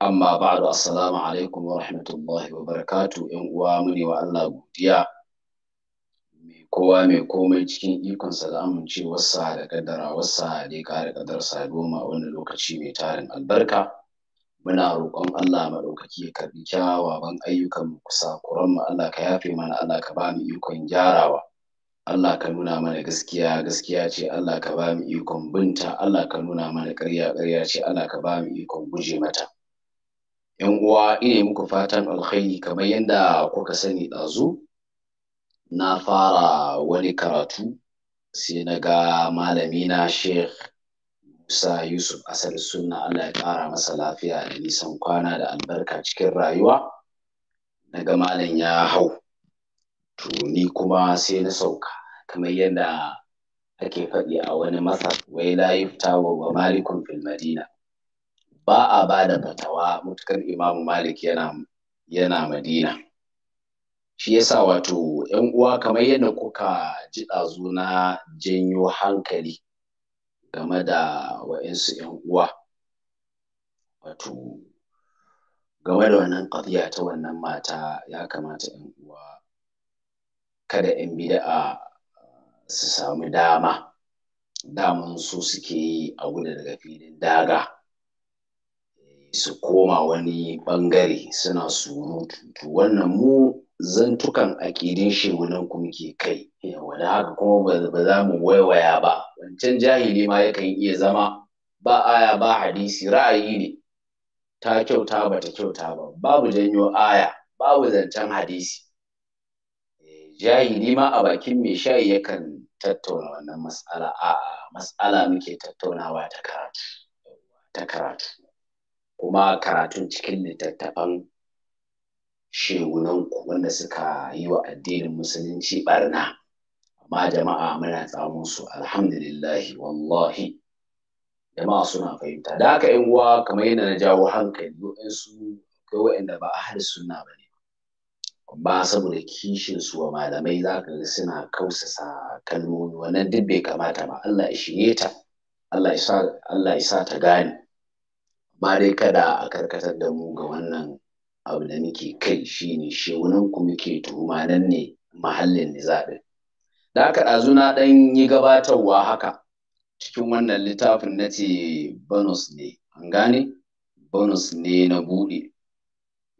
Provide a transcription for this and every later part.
amma ba'du assalamu alaikum wa rahmatullahi wa barakatu yan uwa mune wa Allah godiya mai kowa mai komai cikin ikon sa da wasa da wasa da kare kaddar sa goma wannan lokaci mai tarin albarka muna roƙon Allah maɗaukaki ya karbi kyawawan ayyukan mu kusa kuran mu Allah ka yafe mana Allah ka ba mu ikon gyarawa Allah ka nuna mana gaskiya gaskiya ce Allah ka ba mu ikon binta Allah ka nuna mana ƙarya ƙarya ce Allah ka ba mu ikon guje mata 'yan uwa ina muku fatan alkhairi kamar yadda kuka sani ɗazu na fara wani karatu sai na ga na sheikh musa yusuf asali sunna allah ya ƙara masa lafiya da nisan kwana da albarka cikin rayuwa na ga malam ya hau to ni kuma sai na sauka kamar yadda ake faɗi a wani masar wai la yufta wa malikun fil madina ba a ba da fatawa mutukar imamu malik yana yana madina shi yasa wato yan uwa kamar yadda kuka ji ɗazu na janyo hankali game da wa'insu yan uwa wato game da wannan ƙadiyya ta wannan mata ya kamata yan uwa kada yan bida'a su samu dama daman su suke yi a gudu daga filin daga su koma wani bangare suna surutu to wannan mu zantukan shi nan ku muke kai wani haka kuma ba za mu waiwaya ba wancan jahili ma yakan iya zama ba aya ba hadisi ra'ayi ne ta kyauta ba ta kyauta ba babu janyo aya babu zancen hadisi eh, jahili ma a bakin mai shayi yakan tattauna wannan mas'ala a mas'ala muke tattaunawa ta karatu kuma karatun cikin littattafan shegunanku wanda suka yi wa addinin musulunci barna amma jama'a muna tsamun su alhamdulillahi wallahi jama'a suna fahimta da haka yan uwa kamar yadda na jawo hankali waɗansu akwai waɗanda ba ahli sunna ba ne ba saboda kishin su wa malamai za ka ga suna kausasa kalmomi wannan duk bai kamata ba Allah ya shirye ta Allah ya sa ta gane Ba dai kada a karkatar da mu ga wannan abu da nake kai shine shewunan ku muke tuhuma nan ne mahallin nizaɗin da aka ɗazu na ɗan yi gabatarwa haka cikin wannan littafin na ce bonus ne an gane bonus ne na buɗe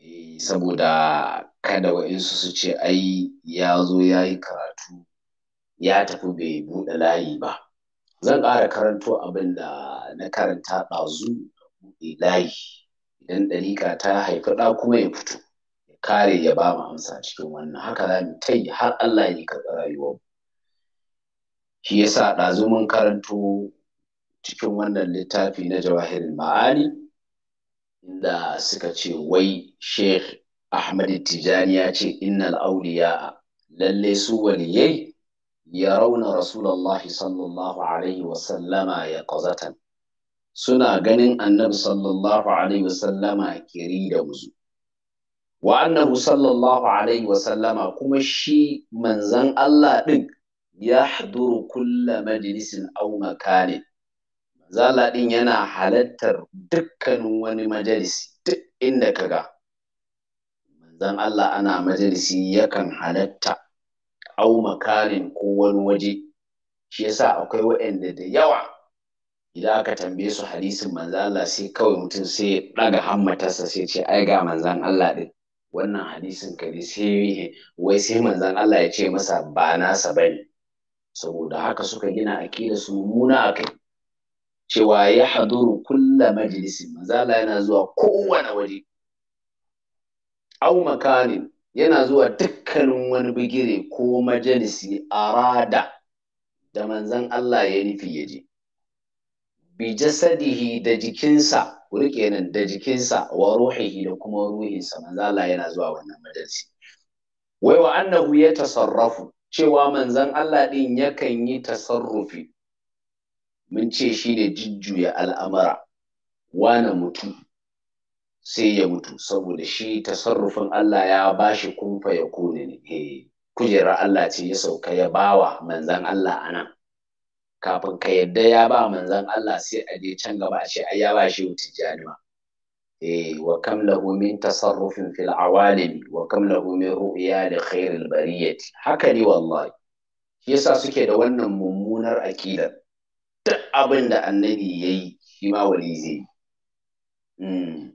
eh, saboda kada wa'insu su ce ai ya zo ya yi karatu ya tafi bai buɗe layi ba zan ƙara karanto abin da na karanta ɗazu buɗe layi idan ɗariƙa ta haifi ɗa kuma ya fito ya kare ya ba mu amsa cikin wannan haka za mu ta yi har Allah ya karɓi rayuwar shi yasa ɗazu mun karanto cikin wannan littafi na jawahirin ma'ani inda suka ce wai sheikh ahmad tijani ya ce innal auliya lalle su waliyai ya rauna rasulallahi sallallahu alaihi wasallama ya ƙazatan suna ganin annabi sallallahu alaihi wasallama kiri da musu wa annabi sallallahu alaihi wasallama kuma shi manzan Allah ɗin ya haduru kulla majalisin au makanin zala ɗin yana halattar dukkanin wani majalisi duk inda ka ga manzan Allah ana majalisi yakan halatta au makanin ko wani waje shi yasa akwai waɗanda da yawa idan aka tambaye su hadisin manzan Allah sai kawai mutum sai ya ɗaga hammatarsa sai ce ai ga manzan Allah ɗin wannan hadisin ka ne sai wai sai manzan Allah ya ce masa ba nasa ba ne saboda haka suka gina aƙida su mummuna a kai cewa ya haduru kulla majalisi manzan Allah yana zuwa kowane waje au makanin yana zuwa dukkanin wani bigire ko majalisi arada da manzan Allah ya nufi ya je bijasadihi da jikinsa rike nan da jikinsa wa ruhihi da kuma ruhinsa manzo Allah yana zuwa wannan madarasi wai wa annahu ya tasarrafu cewa manzon Allah din yakan yi tasarrufi mun ce shi ne jujjuya al'amara wane mutu sai ya mutu saboda shi tasarrufin Allah ya bashi kumfa ya kone ne eh, kujera Allah ce ya sauka ya bawa manzon Allah anan kafin ka yadda ya ba manzan Allah sai a je can gaba a ce ai ya ba shi tijjani ma eh wa kam lahu min tasarrufin fil awalim wa kam lahu min ru'ya li khairil bariyati haka ne wallahi yasa suke da wannan mummunar akidar duk abin da annabi yayi shi ma wali zai mm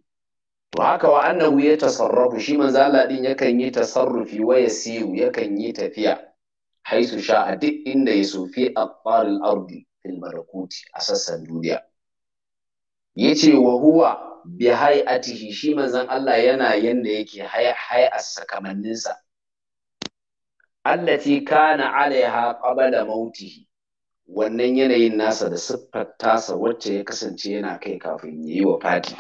to haka wa annahu ya tasarrafu shi manzo Allah din yakan yi tasarrufi wa yasiru yakan yi tafiya haisu sha a duk inda ya sofi a ɓarin ardi fil malakuti a sassan duniya ya ce wa huwa bi tihi shi manzon Allah yana yanda yake a sakamanninsa allati kana alaiha da mautihi wannan yanayin nasa da siffar tasa wacce ya kasance yana kai kafin ya yi wa fati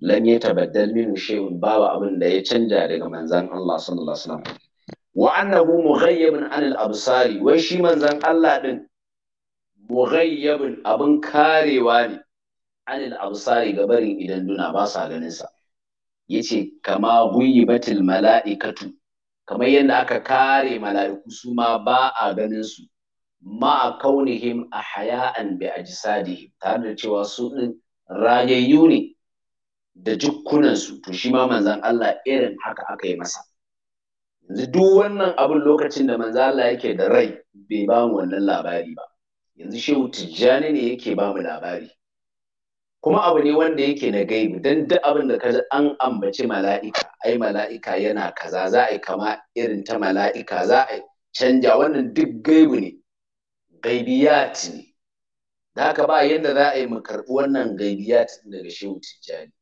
lam ya tabaddal min shehun babu abin da ya canja daga manzan Allah sallallahu alaihi wasallam wa annahu mughayyabun anil absari wai shi manzan Allah din mughayyabun abin karewa ne anil absari ga barin idan duna ba sa ganin sa yace kama ghuyyibatil mala'ikatu kamar yadda aka kare mala'iku su ma ba a ganin su ma kaunihim ahya'an bi ajsadihim tare da cewa su din rayayyu ne da jukkunan su to shi ma manzon Allah irin haka aka yi masa duk wannan abin lokacin da manzo Allah yake da rai bai ba mu wannan labari ba yanzu shehu tijjani ne yake ba mu labari kuma abu ne wanda yake na gaibi dan duk abin da kaji an ambaci mala'ika ai mala'ika yana kaza za a yi kama irin ta mala'ika za a canja wannan duk gaibi ne gaibiyat ne da haka ba yadda za a yi mu karɓi wannan gaibiyat daga shehu tijjani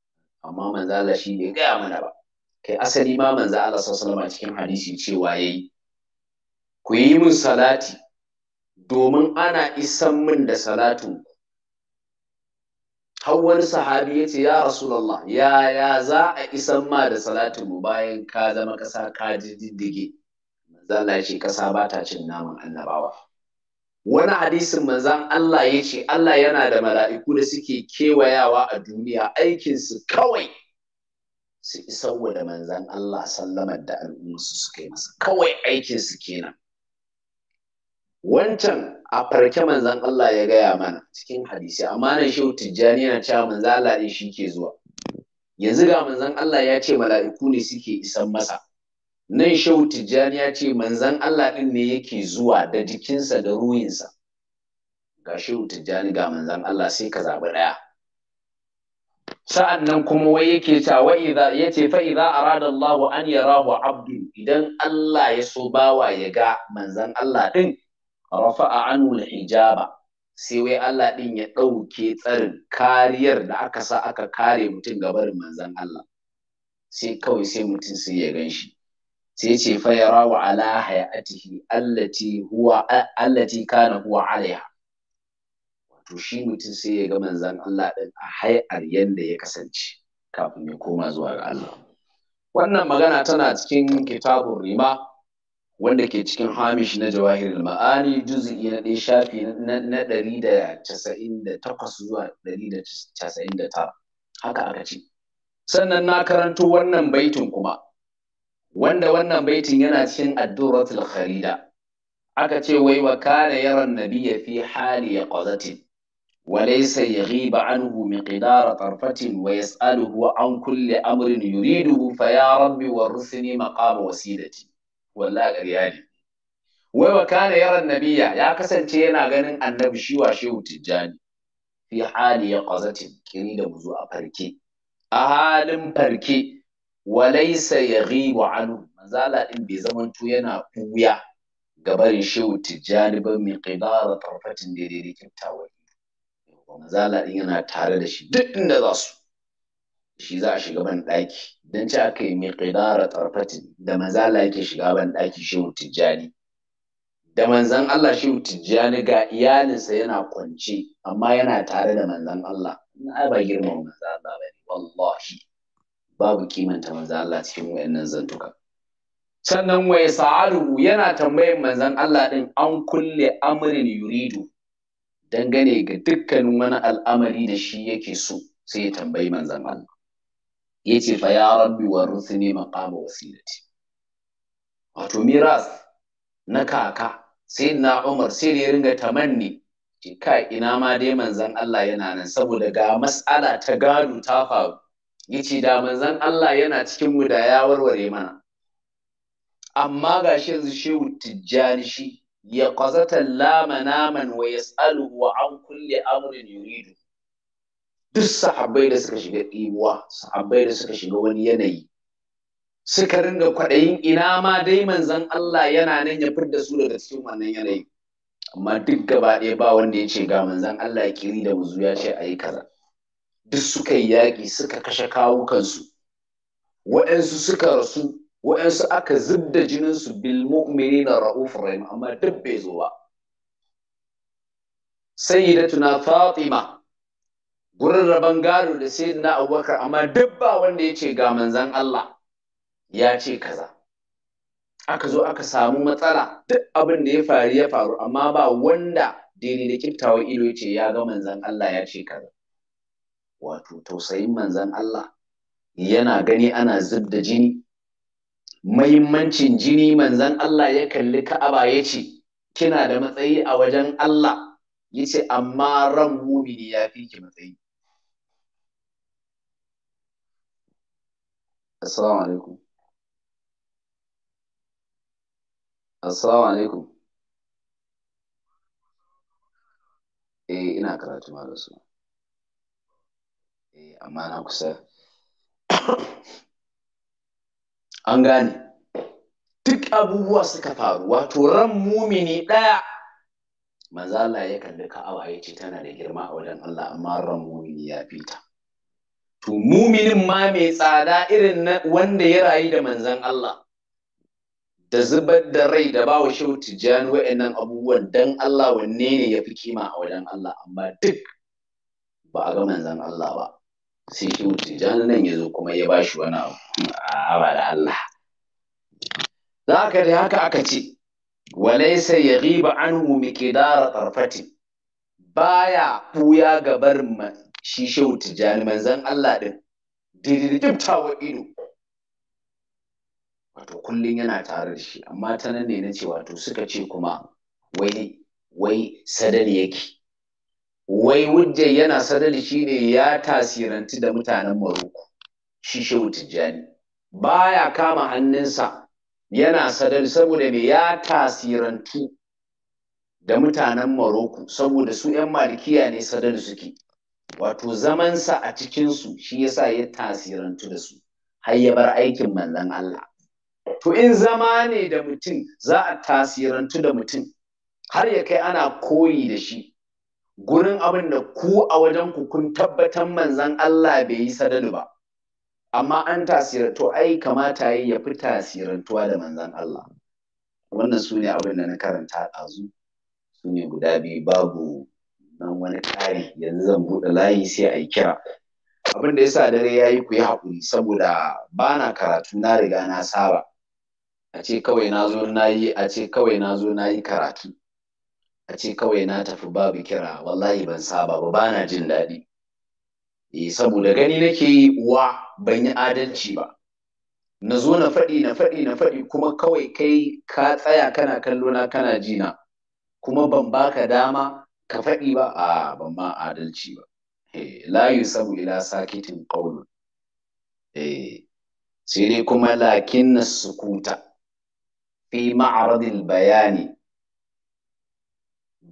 amma manzo Allah shi bai gaya mana ba kai asali ma manzo Allah sallallahu alaihi cikin hadisi cewa yayi ku yi min salati domin ana isan min da salatu har wani sahabi ya ya rasulallah ya ya za a isan ma da salatu mu bayan ka zama ƙasa ka ji diddige Allah ya ce ƙasa ba ta cin naman annabawa wani hadisin manzan Allah ya ce Allah yana da mala'iku da suke kewayawa a duniya aikinsu kawai su isa da manzan Allah sallamar da al'ummarsu suka yi masa kawai aikin su kenan wancan a farke manzan Allah ya gaya mana cikin hadisi amma na shehu tijjani yana cewa manzan Allah shi ke zuwa yanzu ga manzan Allah ya ce mala'iku ne suke isan masa nan shehu tijjani ya ce manzan Allah ɗin ne yake zuwa da jikinsa da ruhinsa ga shehu tijjani ga manzan Allah sai ka zaɓi ɗaya sa'an nan kuma wai yake cewa ya ce za a rada Allah an yi rahu abdu idan Allah ya so bawa ya ga manzan Allah ɗin rafa a anul hijaba sai wai Allah ɗin ya ɗauke tsarin kariyar da aka sa aka kare mutum gabar manzan Allah sai kawai sai mutum sai ya gan shi sai ce fa ya rahu ala hayatihi allati huwa allati kana huwa alaiha to shi mutum sai ya ga manzan Allah ɗin a hayar yadda ya kasance kafin ya koma zuwa ga Allah. Wannan magana tana cikin kitabun rima wanda ke cikin hamish na jawahir ma'ani juzi'i na ɗaya shafi na ɗari da casa'in da takwas zuwa ɗari da casa'in da tara haka aka ce. Sannan na karanto wannan baitin kuma wanda wannan baitin yana cikin addu'ratul kharida aka ce wai wa yaron yaran ya fi hali ya ƙwazatin. وليس يغيب عنه مقدار طرفة ويسأله عن كل أمر يريده فيا ربي ورثني مقام وسيدتي والله قرياني وكان يرى النبي يا كسن تينا غنن النبي شيوا شيو تجاني في حال يقظة كريدة مزو أفركي أهالم فركي وليس يغيب عنه مازالا إن بزمن تينا قويا قبل shehu tijjani ba mai ƙidara tarfatin daidai manzala din yana tare da shi duk inda za su shi za a shiga ban ɗaki don ci aka yi miƙidara tarfatin da manzala yake shiga ban ɗaki shi tijjani da manzan Allah shi tijjani ga iyalinsa yana kwance amma yana tare da manzan Allah na ba girmama manzan Allah ba ne wallahi babu kimanta manzan Allah cikin wayannan zantuka sannan wai sa'aru yana tambayin manzan Allah din an kulle amrin yuridu dangane ga dukkanin wani al'amari da shi yake so sai ya tambayi manzan Allah ya ce fa ya rabbi wa rusuni maqama wasilati wato miras na kaka sai na Umar sai da ya ringa tamanni ce kai ina ma dai manzan Allah yana nan saboda ga mas'ala ta gado ta faru yace da manzan Allah yana cikin mu da ya warware mana amma ga shi yanzu shehu tijjani shi ya qazata lama naman wa wa an kulle amrin yuridu duk sahabbai da suka shiga ɗibuwa sahabbai da suka shiga wani yanayi suka ringa kwaɗayin ina ma dai manzan Allah yana nan ya da su daga cikin wannan yanayi amma duk gaba ɗaya ba wanda ya ce ga manzan Allah ya kiri da wuzu ya ce ayi kaza duk suka yi yaƙi suka kashe kawukansu waɗansu suka rasu wa'ansu aka zubda jininsu bil mu'minina ra'ufur rahim amma duk bai zo ba sayyidatuna fatima gurin rabon gado da na abubakar amma duk ba wanda ya ce ga manzan Allah ya ce kaza aka zo aka samu matsala duk abin da ya faru ya faru amma ba wanda daidai da kiftawa ido ya ce ya ga manzan Allah ya ce kaza wato tausayin manzan Allah yana gani ana zub jini mahimmancin jini manzan Allah ya kalli Ka'aba ya ce kina da matsayi a wajen Allah ya ce amma ran mumini ya fi ki matsayi Assalamu alaikum Assalamu alaikum Eh ina karatu ma da su Eh amma na kusa an gane duk abubuwa suka faru wato ran mumini ɗaya maza Allah ya kalli Ka'aba ya ce tana da girma a wajen Allah amma ran mumini ya fita to muminin ma mai tsada irin na wanda ya rayu da manzon Allah da zubar da rai da ba wa shehu tijjani wa'annan abubuwan dan Allah wanne ne ya fi kima a wajen Allah amma duk ba a ga manzon Allah ba sai shehu nan ya zo kuma ya bashi wani abu a da Allah za ka dai haka aka ce walaisa ya riba dara miqdara Ba baya ɓuya ga barin shi shehu tijjani manzan Allah ɗin dididibtawa ido wato kullum yana tare da shi amma ta nan ne na ce wato suka ce kuma wai wai sadar yake wai wujjai yana shi ne ya tasirantu da mutanen Maroko shi shehu Tijjani baya kama hannunsa yana sadari saboda me ya tasirantu da mutanen Maroko saboda su ‘yan malikiya ne sadari suke wato zamansa a cikinsu shi yasa ya tasirantu da su har ya bar aikin manzon Allah to in zama ne da mutum za a tasirantu da mutum har ya kai ana koyi da shi gurin abin da ku a wajen ku kun tabbatar manzan Allah bai yi sadadu ba amma an tasirantu ai kamata yi ya fi tasirantuwa da manzan Allah wannan su ne abin da na karanta ɗazu su ne guda biyu babu nan wani tari yanzu zan buɗe layi sai a yi kira abin da ya sa dare ya yi ku yi haƙuri saboda ba na karatu na riga na saba a kawai na zo na a ce kawai na zo na yi karatu a ce kawai na tafi babu kira wallahi ban saba ba bana jin daɗi eh saboda gani nake yi wa ban yi adalci ba na zo na faɗi na faɗi na faɗi kuma kawai kai ka tsaya kana kallo na kana jina kuma ban baka dama ka faɗi ba a ban ma adalci ba eh, la yusabu ila sakitin qawlun eh sai dai kuma lakin sukuta fi ma'radil bayani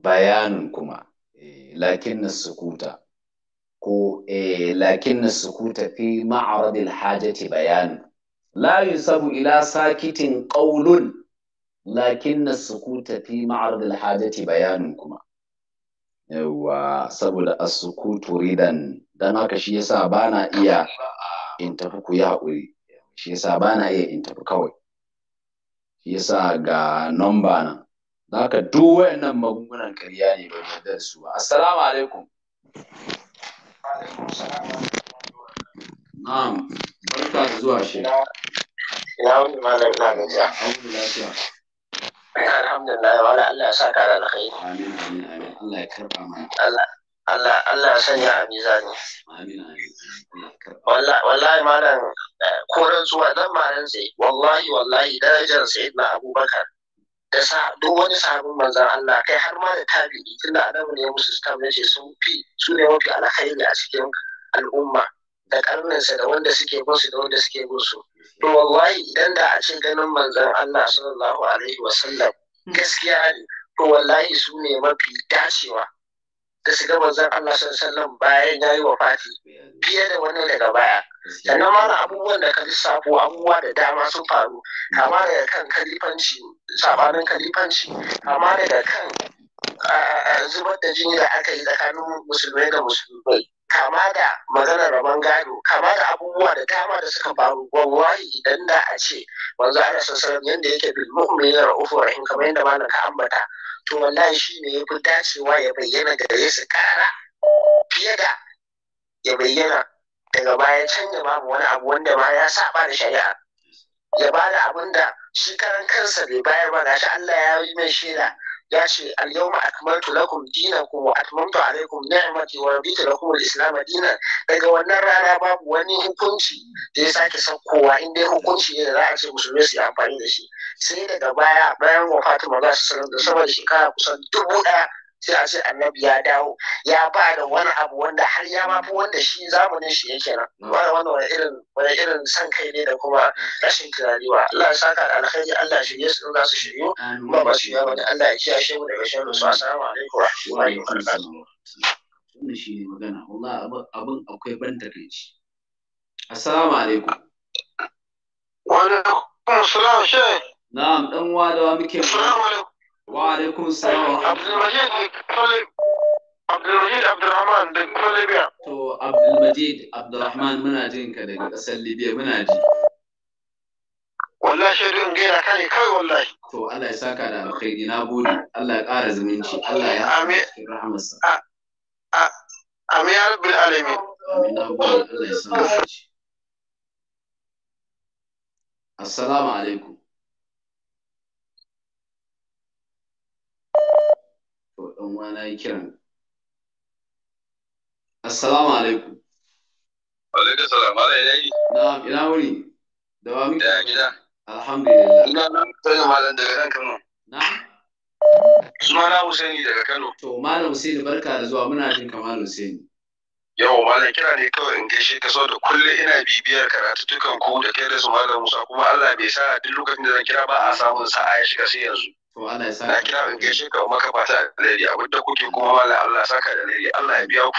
Bayanin kuma eh, lakin sukuta ko eh, lakin sukuta fi ma'aradil hajati bayanin. la yusabu ila sakitin qaulun lakin sukuta fi ma'aradil hajati bayanin kuma yawa saboda as-sukutu ridan dan haka shi yasa bana iya in tafi ku ya haƙuri shi yasa bana iya in tafi kawai shi yasa ga nomba nan haka duk wayannan magungunan karya ne ba da su ba assalamu alaikum na'am barka da zuwa shi ina wani malam na gajiya alhamdulillah wa Allah ya sa ka da alkhairi amin amin amin Allah ya karba mana Allah Allah Allah ya sanya a mizani amin amin wallahi wallahi malam eh, koran zuwa dan malam sai wallahi wallahi darajar sayyidina Abubakar da sa duk wani sahabin manzan Allah kai har ma da tabi'i tunda annabi ne musu stam ne sun fi su ne mafi alkhairi a cikin al'umma da karninsa da wanda suke su da wanda suke su to wallahi idan da a ce ganin manzan Allah sallallahu alaihi wasallam gaskiya ne to wallahi su ne mafi dacewa da shiga manzon Allah sallallahu bayan yayi wafati fiye da wani daga baya sannan mana abubuwan da ka lissafo abubuwa da dama sun faru kama daga kan kalifanci sabanin kalifanci kama daga kan Eh, zubar da jini da aka yi tsakanin musulmai da musulmai kama da maganar raman gado kama da abubuwa da dama da suka faru wallahi idan da a ce wanzu ana sassan yadda yake bil mu'minin ra'ufu rahim kamar yadda malam ka ambata to wallahi shi ne ya fi dacewa ya bayyana da ya su kara fiye da ya bayyana daga baya canja babu wani abu wanda ma ya saba da shari'a ya ba da abin da shi karan kansa bai bayar ba gashi Allah ya yi mai shaida ya ce al-yawma akmaltu lakum dinakum wa atmamtu alaykum ni'mati wa raditu lakum al-islam dinan daga wannan rana babu wani hukunci da ya sake saukowa in dai hukunci ne da za a ce musulmi su yi amfani da shi sai daga baya bayan wa Fatima sallallahu da sama da shekara kusan dubu ɗaya sai a ce annabi ya dawo ya ba da wani abu wanda har ya mafi wanda shi zamanin shi yake nan wani wani irin wani irin san kai ne da kuma rashin tunani Allah ya saka da alkhairi Allah shirye su za su shiryo ba ba su yawa da Allah ya kiyaye mu daga sharri su assalamu alaikum wa rahmatullahi wa barakatuh wannan shi ne magana wallahi abin akwai ban takeici assalamu alaikum wa alaikum assalam shay na'am dan wa da muke assalamu alaikum Wa alaikun salam. Abdulmajid Abdulmajid Abdulrahman daga ƙasar Libya. To Abdulmajid Abdulrahman muna jin ka daga ƙasar Libya muna ji. Wallahi shaidu gaira ka kawai wallahi. To Allah ya saka da alkhairi na gode. Allah ya ƙara zumunci. Allah ya cikin rahamarsa. Amin ya rabbil alamin. Amin na Allah ya alaikum. to ɗan uwa na yi kiran assalamu alaikum alaikum salam malai yayi na'am ina wuri da wa muke da gida alhamdulillah ina nan sai malam daga nan Kano na na'am sunana Husaini daga Kano to malam Husaini barka da zuwa muna jin kamar Husaini yau malam kira ne kawai in gaishe ka sau da kullum ina bibiyar karatutukan ku da kai da su malam Musa kuma Allah bai sa duk lokacin da zan kira ba a samun sa'a ya shiga sai yanzu Allah ya Na kira in gaishe ka maka fata alheri abin kuke kuma wala Allah ya saka alheri Allah ya biya ku.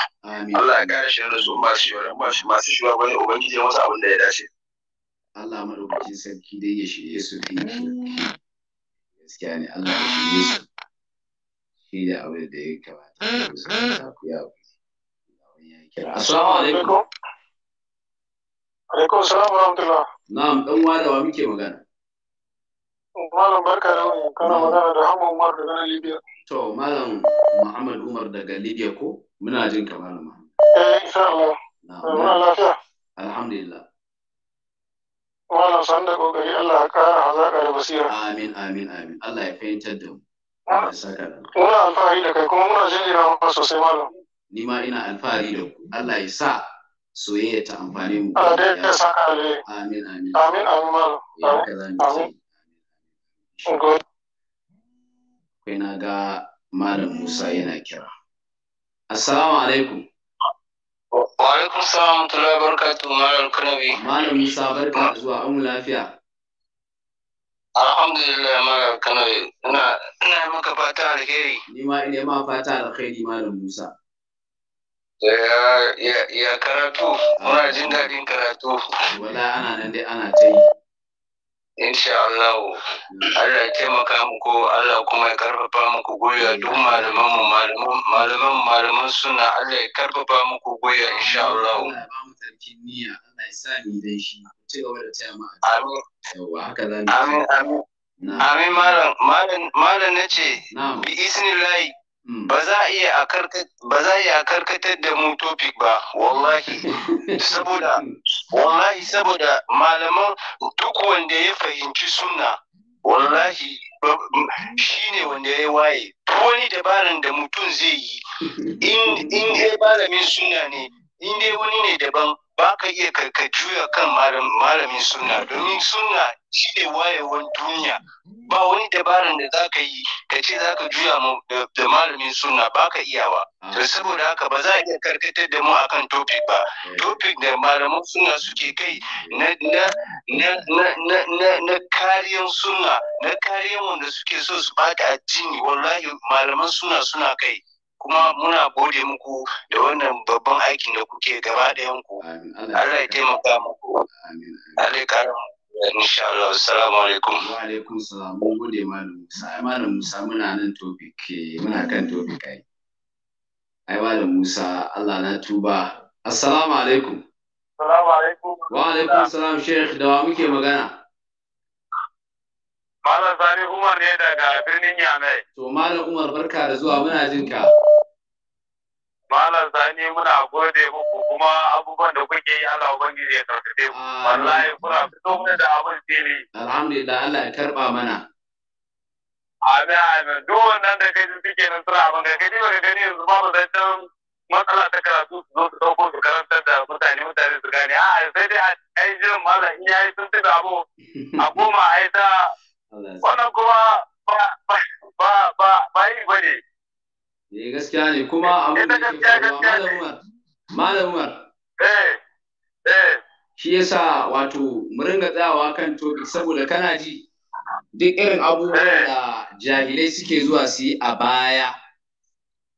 Allah ya kare shi da zuwa masu masu masu bane ubangiji masa abin su gaskiya ne Allah ya shirye su. abin da ya kamata mm, ku mm. ya kira. alaikum. Alaikum salam wa Na'am dan wa da wa muke magana? Malam barka da wani kana magana da Hamad Umar daga Libya. To Malam Muhammad Umar daga Libya ko muna jin ka Malam Muhammad. Eh insha Allah. Eh, muna lafiya. Alhamdulillah. Malam san da kokari Allah ya kara hazaka da basira. Amin amin amin. Allah ya fahimtar da mu. Muna alfahari da kai kuma muna jin jinjina maka sosai Malam. Ni ma ina alfahari da ku. Allah ya sa soyayya ta amfane mu. Allah ya saka Amin amin. Amin amin Malam. Amin. Akwai na ga Malam Musa yana kira. Assalamu alaikum. Wa alaikum salam tula barkatu Malam Kanabi. Malam Musa barka zuwa an lafiya. Alhamdulillah Malam Kanabi. Ina ina maka fata alheri. Ni ma ina ma fata alheri Malam Musa. Ya ya karatu. Muna jin daɗin karatu. Wala ana nan dai ana ta yi. insha Allah Allah ya taimaka muku Allah kuma ya karfafa muku goya duk malaman mu malaman malaman suna Allah ya karfafa muku goya insha Allah Allah amin amin amin malam malam malam nace bi isnillahi ba za a iya karkatar da mu topic ba wallahi saboda wallahi saboda malaman duk wanda ya fahimci suna, wallahi shi ne wanda ya waye wani dabaran da mutum zai yi in dai malamin suna ne in dai wani ne daban ba ka iya ka juya kan malamin suna domin suna shi ne wayewar duniya ba wani dabaran da za ka yi ka ce za ka juya mu da malamin suna ba ka iyawa mm. to saboda haka ba za a iya karkatar da mu akan topic ba mm. topic da malaman suna suke kai na na kariyan suna, na kariyan wanda suke so su bata addini wallahi malaman suna, suna kai kuma muna gode muku da wannan babban aikin da kuke gaba ɗayan ku Allah ya taimaka muku Allah ya kara insha Allah assalamu alaikum wa alaikum salam mun gode malam Musa ai malam Musa muna nan topic eh, muna kan topic ai ai malam Musa Allah na tuba assalamu alaikum assalamu alaikum wa alaikum salam sheikh da wa muke magana Malam Sani Umar ne daga birnin Yamai. To Malam Umar barka da zuwa muna jin ka. Malam Sani muna gode muku kuma abubuwan da kuke yi Allah Ubangiji ya karkace ku. Wallahi kuna fito mana da abin fili. Alhamdulillah Allah ya karba mana. Amin amin duk wannan da kai suke nan suna abin ga gani ba gani yanzu babu zancen matsala ta karatu su zo su ɗauko su karantar da mutane mutane su gane. A'a sai dai a yi jiran malam in ya yi sun tuka abu a koma a yi ta wannan kuma ba ba ba ba yi bane eh gaskiya ne kuma abin da eh, ke faruwa malam Umar malam Umar eh eh shi yasa wato mu ringa tsayawa kan tobi saboda kana ji duk irin abubuwan eh. da jahilai suke zuwa su yi a baya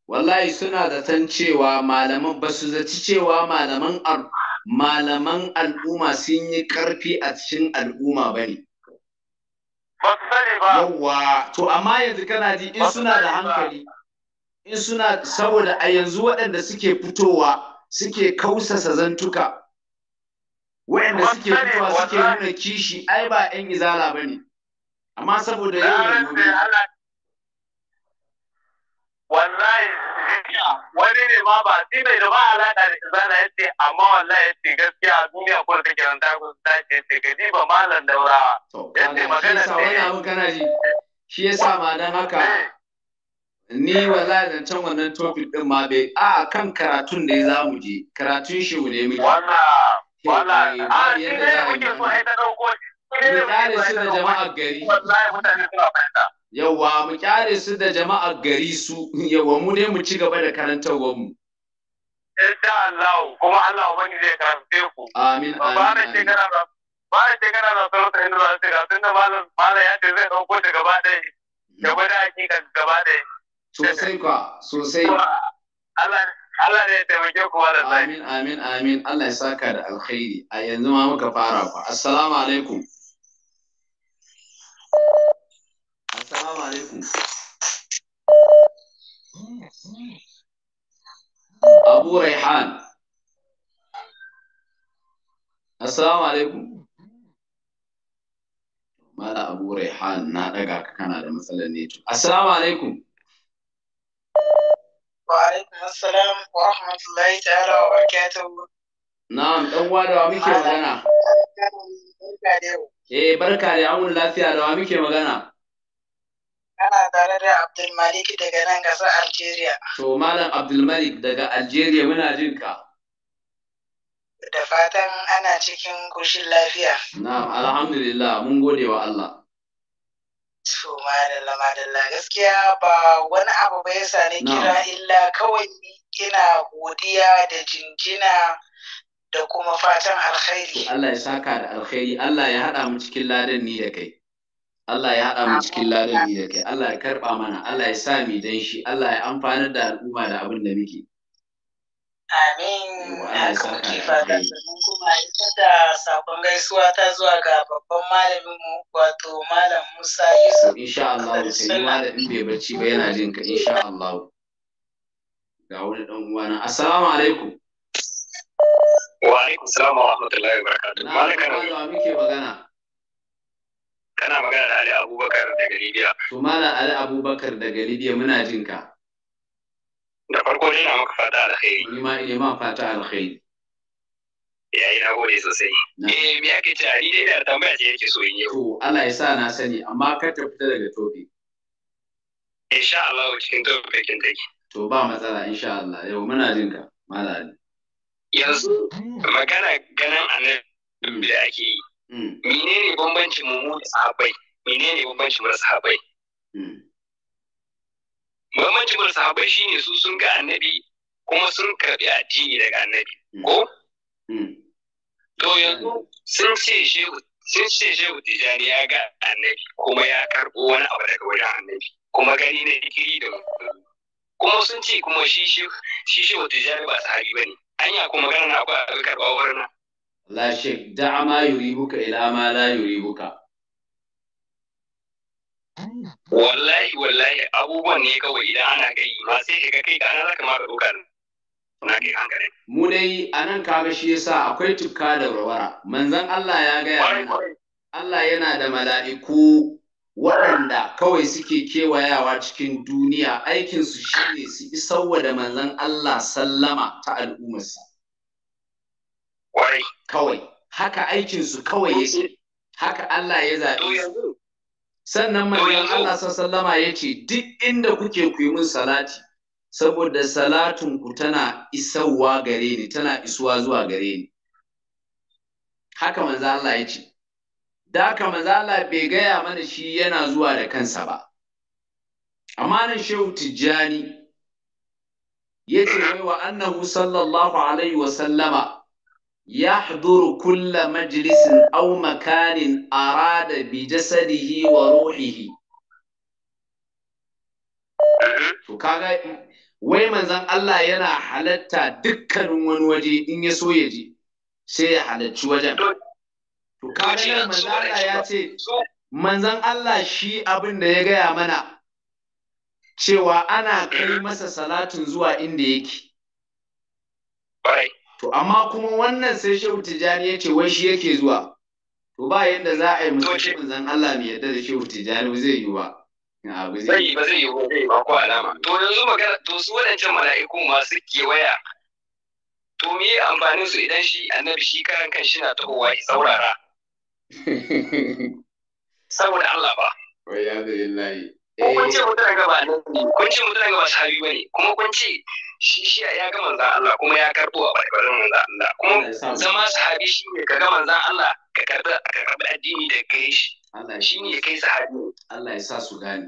wallahi suna zaton cewa malaman ba su zaci cewa malaman malaman al'umma sun yi karfi a cikin al'umma ba ne Yawwa, to amma yanzu kana ji in suna da hankali, in suna saboda a yanzu waɗanda suke fitowa suke kausasa zantuka, waɗanda suke fitowa suke nuna kishi ai ba ‘yan izala ba ne, amma saboda yau da gobe. Wallahi gaskiya wani ne ma ba shi bai da ba alaƙa da izana ya ce amma wallahi ya ce gaskiya a duniya ko da kake nan ta kusa ta ce ce gani ba malam daurawa. Ya ce magana ce. Wani abu kana ji. Shi ya sa ma dan haka eh. ni wallahi zancen wannan topic din ma bai a kan karatun da za mu je karatun shi ne muke. Wannan wannan a shi ne muke so ai ta ɗauko shi. Mu da jama'ar gari. Wallahi mutane suna fahimta. yawa mu kyare su da jama'ar gari su yawa mu ne mu ci gaba da karantarwar mu da Allah kuma Allah wani zai karfe ku amin amin ba da shekara ba ba da shekara na sauran da hindu sai ga tunda malam malam ya ce zai dauko da gaba ɗaya gaba da hakika gaba ɗaya sosai kwa sosai Allah Allah ne ya taimake ku wallahi amin amin amin Allah ya saka da alkhairi a yanzu ma muka fara ku assalamu alaikum Assalamu alaikum. Abu Raihan. Assalamu alaikum. Mala Abu Raihan na daga ka kana da matsalar ne. Assalamu alaikum. Wa alaikum assalam wa rahmatullahi ta'ala wa barakatuhu. Na'am dan uwa da muke magana. Eh barka da yawun lafiya da wa muke magana. Ana tare da Abdulmalik daga nan ƙasar Algeria. To, Malam Abdulmalik daga Algeria muna jin ka. Da fatan ana cikin ƙoshin lafiya. Na'am, alhamdulillah, mun gode wa Allah. To, madalla, madalla, gaskiya ba wani abu bai sani kira illa kawai ina godiya da jinjina da kuma fatan alkhairi. Allah ya saka da alkhairi, Allah ya haɗa mu cikin ladan ni da kai. Allah ya haɗa mu cikin ladabi da kai Allah ya karɓa mana Allah ya sa mu dan shi Allah ya amfanar da al'umma da abin da muke Amin haka muke fata kuma ita da sakon gaisuwa ta zuwa ga babban malamin mu wato malam Musa Yusuf insha Allah sai malamin bai barci ba yana jin ka insha Allah ga wani dan uwa na assalamu alaikum wa alaikum assalam wa rahmatullahi wa barakatuh malaka muke magana kana magana da Ali Abubakar daga Libya to malam Ali Abubakar daga Libya muna jin ka da farko dai na maka fata alkhairi ni ma ina ma fata alkhairi yi na gode sosai eh me yake ce Ali dai da tambaya ce yake so in yi to Allah ya sa na sani amma kar ta fita daga topic insha Allah cikin topic din take to ba matsala insha Allah yau muna jin ka malam yanzu magana ganin annabi da ake yi Hmm. menene bambancin mu da sahabbai menene bambancin mu da sahabbai hmm. bambancin mu da sahabbai shine su sun ga annabi kuma sun karbi addini daga annabi hmm. ko to yanzu sun ce shehu sun ce shehu tijani ya ga annabi kuma ya karbo wani abu daga wajen annabi kuma gani na dikiri da kuma sun ce kuma shi shehu tijani ba sahabi ne. anya kuma ganin abu a karɓa wurin nan la shek da'a ma yuribuka ila ma la yuribuka wallahi wallahi abubuwan ne kawai idan ana kai ma sai ka kai ga ana zaka ma ka doka na kai hankali mu dai anan kaga shi yasa akwai tukka da warwara manzon Allah ya gaya mana Allah yana da mala'iku waɗanda kawai suke kewayawa cikin duniya aikinsu shine su isarwa da manzan Allah sallama ta al'ummarsa Kawai. Haka aikinsu kawai yake. Haka Allah ya zaɓe su. Sannan manzon Allah sallama ya ce duk inda kuke ku yi mun salati saboda salatun ku tana isarwa gare ni tana isuwa zuwa gare ni. Haka manzon Allah ya ce. Da haka manzon Allah bai gaya mana shi yana zuwa da kansa ba. Amma nan Shehu Tijjani ya ce wai wa annahu sallallahu alaihi wa sallama يحضر كل مجلس أو مكان أراد بجسده وروحه to kaga wai manzon Allah yana halatta dukkanin wani waje in ya so ya je sai ya halarci wajen to kaga ya ce manzon Allah shi abin da ya gaya mana cewa ana kai masa salatin zuwa inda yake To amma kuma wannan sai Shehu Tijjani ya ce wai shi yake zuwa. To ba yadda za a yi musulmin zan Allah mai yadda da Shehu Tijjani zai yi ba. Zai yi ba zai yi ba zai yi ba ko alama. To yanzu magana to su waɗancan mala'iku masu kewaya. To me amfanin su idan shi annabi shi karan kan shi na tahowa ya saurara. Saboda Allah ba. Wai ya zai layi. Eh. kun ce mutum daga ba kun ce mutum daga ba sahabi ba ne kuma kun ce shi shi ya ga manza Allah kuma ya karbo a barbarin manza Allah kuma zama sahabi shi ne ka ga manzan Allah ka karbi ka karbi addini da kai shi shi ne kai sahabi Allah ya sa su gane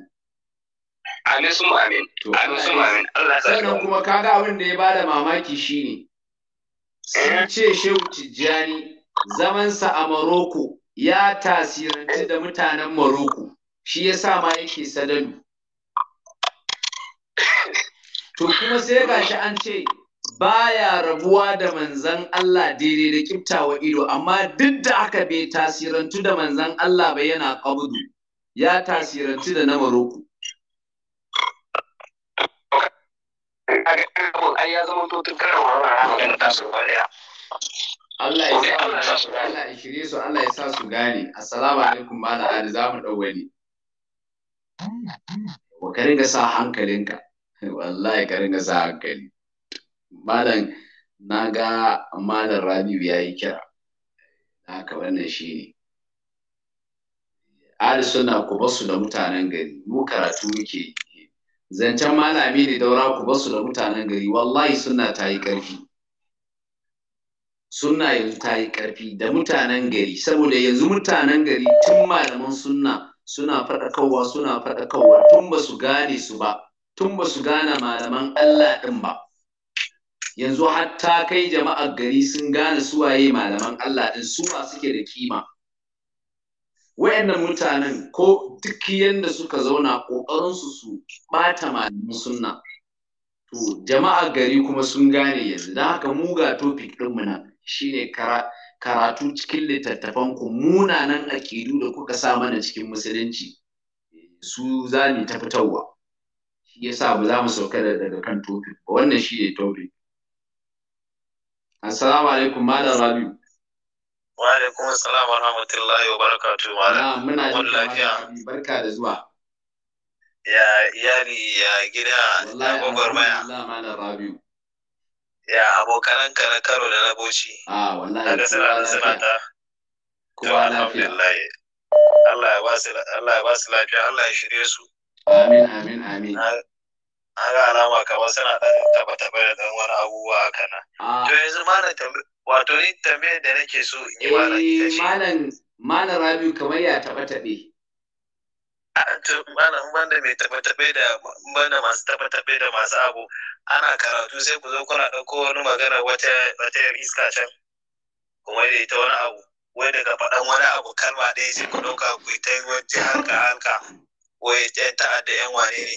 amin su amin amin su amin Allah ya sa sannan kuma kaga abin da ya bada mamaki shi ne. sun eh? ce Shehu Tijjani zamansa a Maroko ya tasiranci da mutanen Maroko shi ya sa ma yake sadalu to kuma sai gashi an ce baya rabuwa da manzan Allah daidai da kiftawa ido amma duk da aka bai tasirantu da manzan Allah ba yana ƙabudu, ya tasirantu da na Maroko Allah ya sa Allah ya su Allah ya sa su gane assalamu alaikum ba Ali za mu dau wani ka ringa sa hankalinka wallahi ka ringa sa hankali malam na ga malam rabiu ya yi kira haka wannan shi ne ahli suna ku basu da mutanen gari mu karatu muke zancen malami ne daura ku basu da mutanen gari wallahi suna ta yi ƙarfi suna yanzu ta yi ƙarfi da mutanen gari saboda yanzu mutanen gari tun malaman sunna suna faɗakarwa suna faɗakarwa tun ba su gane su ba tun ba su gane malaman Allah ɗin ba yanzu hatta kai jama'ar gari sun gane suwaye malaman Allah ɗin su ba suke da kima wayannan mutanen ko duk yanda suka zauna ƙoƙarinsu su ɓata malaman sunna to jama'ar gari kuma sun gane yanzu don haka muga topic ɗinmu nan shine kara karatu cikin littattafan ku munanan aƙidu da kuka sa mana cikin musulunci su za ni ta fitowa shi sa ba za mu sauka daga kan topic ba wannan shi ne topic assalamu alaikum malam rabiu wa alaikum assalam wa rahmatullahi wa barakatu malam muna jin lafiya barka da zuwa ya iyali ya gida ya gwagwarmaya Allah malam rabi ya abokan ka na karo da na boci a ah, wallahi daga suna suna ta kuma alhamdulillah Allah ya ba su Allah ya ba su lafiya Allah ya shirye su amin amin amin an ga alama kamar suna ɗan taba-taba da ɗan wani abubuwa haka na. Ah. To yanzu malam wato ni tambayar da nake so in yi malam ita ce. Eh, malam Rabiu kamar ya taba taɓe. ban da mai tabe-tabe da bana masu tabe-tabe da masu abu ana karatu sai ku zo kuna ɗauko wani magana wata wata iska can kuma da ita wani abu wai daga faɗan wani abu kalma ɗaya sai ku ɗauka ku yi ta yi halka halka wai yan ta'adda yan wane ne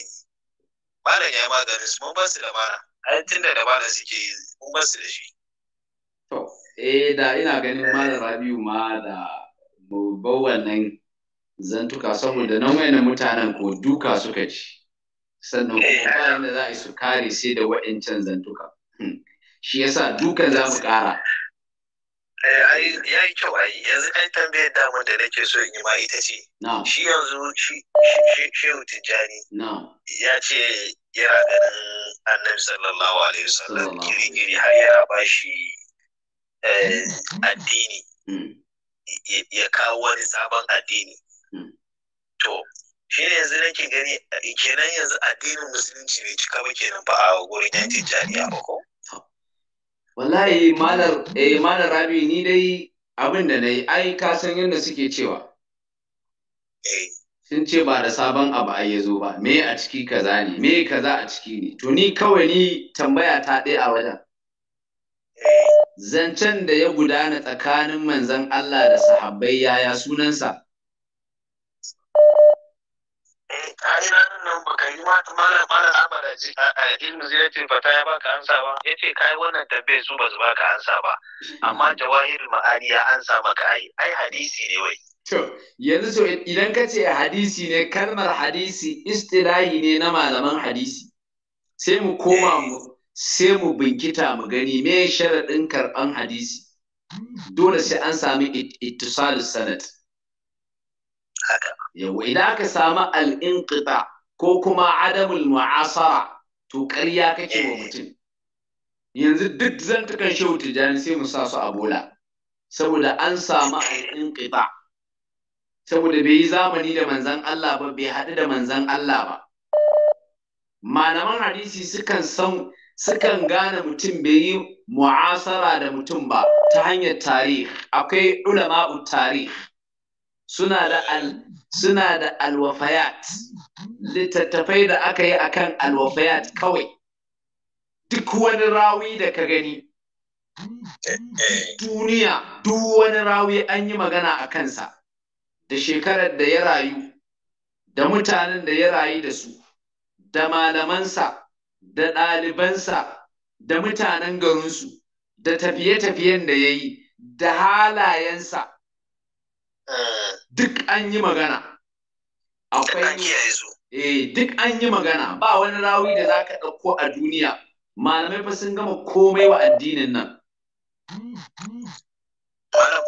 malam ya yi maganin su mun ba su da mara ai tun da dabara suke yi mun ba su da shi. to eh da ina ganin malam rabiu ma da mu bau wannan zantuka saboda nan wani mutanen ko duka suka ci sannan kuma eh. bayan da za a yi su kare sai da waɗancan zantuka hmm. shi yasa dukan za mu ƙara eh, ya yi kyau ai yanzu ai tambayar damar da nake so in yi ma ita ce shi yanzu shehu tijjani ya ce yana ganin annabi sallallahu alaihi wasallam giri-giri har yana ba shi eh, hmm. addini hmm. ya kawo wani sabon addini to shi ne yanzu nake gani kenan yanzu addinin musulunci bai cika ba kenan ba a gurin yanke tijjaniya ba ko wallahi malar eh malar rabi ni dai abin da nayi ai ka san yadda suke cewa eh. sun ce ba da sabon abu ai ya zo ba me a ciki kaza ne me kaza a ciki ne to ni kawai ni tambaya ta ɗaya a wajen eh. zancen da ya gudana tsakanin manzon Allah da sahabbai yaya sunansa ai ranar nan ba ka yi ma malam malam abada ji a ilmu zinatin fata ya baka ansa ba Ya yace kai wannan tambayar su ba su baka ansa ba amma jawahirul ma'ani ya ansa maka ai ai hadisi ne wai To, yanzu so idan ka ce hadisi ne kalmar hadisi istilahi ne na malaman hadisi. Sai mu koma mu sai mu binkita mu gani me sharaɗin karɓan hadisi. Dole sai an sami ittisalus sanad. yau idan aka samu al'inqita ko kuma adamul mu'asara to ƙarya kake wa mutum yanzu duk zantukan shehu jani sai mu sa su a bola saboda an samu al'inqita saboda bai yi zamani da manzan Allah ba bai haɗu da manzan Allah ba malaman hadisi sukan san sukan gane mutum bai yi mu'asara da mutum ba ta hanyar tarihi akwai ulama'u tarihi suna da al suna da alwafayat littattafai da aka yi akan alwafayat kawai duk wani rawi da ka gani duniya duk wani rawi an yi magana a kansa da shekarar da ya rayu da mutanen da ya rayu da su da malamansa da ɗalibansa da mutanen garinsu da tafiye-tafiyen da ya yi da halayensa eh. duk an yi magana akwai eh duk an yi magana ba wani rawi da za ka ɗauko a duniya malamai fa sun gama komai wa addinin nan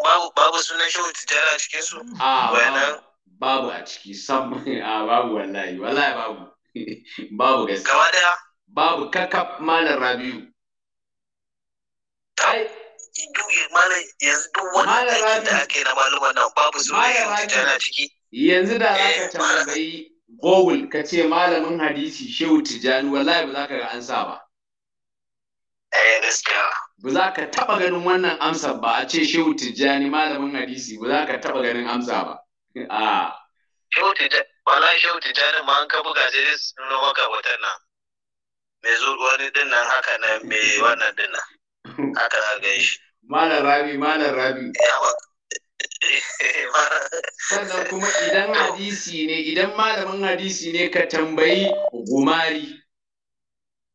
babu babu sunan shehu jara a cikin su a babu a ciki sam a ah, babu wallahi wallahi babu babu gaskiya gaba daya babu kakaf malam rabiu ai yanzu duk wannan aikin da aka na maluman nan babu zuwa yanzu tana ciki yanzu da za ka eh, tambayi Google ka ce malamin hadisi Shehu Tijjani wallahi ba za ka ga ansa ba. Eh gaskiya. Ba za ka taba ganin wannan amsa ba a ce Shehu Tijjani malamin hadisi ba za ka taba ganin amsa ba. A. Ah. Shehu Tijjani Shehu Tijjani ma an ka buga sai dai sun maka watan nan. Me zuwa wani din haka nan me wannan dinnan. Haka na gan shi. Malam Rabi, Malam Rabi. Sannan kuma idan hadisi ne, idan malamin hadisi ne ka tambayi gumari.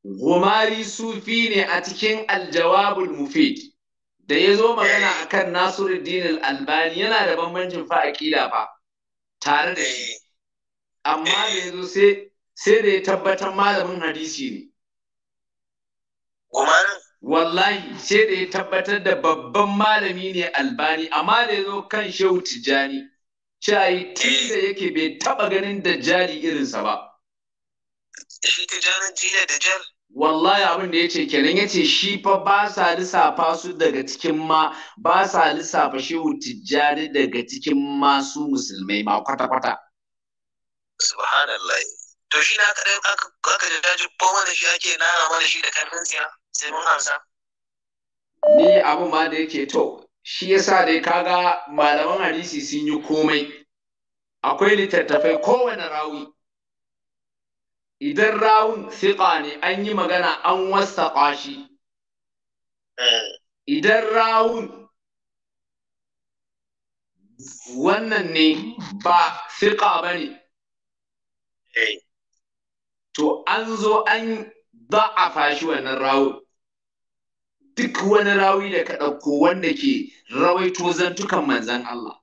Gumari sufi ne a cikin aljawabul mufid. Da ya zo magana a kan Nasiruddin albani yana da bambancin fa aƙida fa tare da shi. Amma da ya zo sai da ya tabbatar malamin hadisi ne. Gumarin? wallahi sai da ya tabbatar da babban malami ne albani amma da ya zo kan shehu tijjani shayi tun da yake bai taba ganin da jari irinsa ba shi Tijjani jiya da jar. wallahi abin da ya ce kenan ya ce shi fa ba sa lissafa su daga cikin ma ba sa lissafa shehu tijjani daga cikin masu musulmai ma kwata-kwata subhanallah to shi na kadai aka jaji ko mana shi ake nara mana shi da karfin siya ni abu ma da yake to shi yasa dai kaga malaman hadisi sun yi komai akwai littattafai kowane rawi idan rawun siƙa ne an yi magana an wasaƙa shi eh. idan rawun wannan ne ba siƙa ba ne eh. to an zo an a fashi wannan rawun duk wani rawi da ka ɗauko wanda ke rawaito zantukan manzan Allah.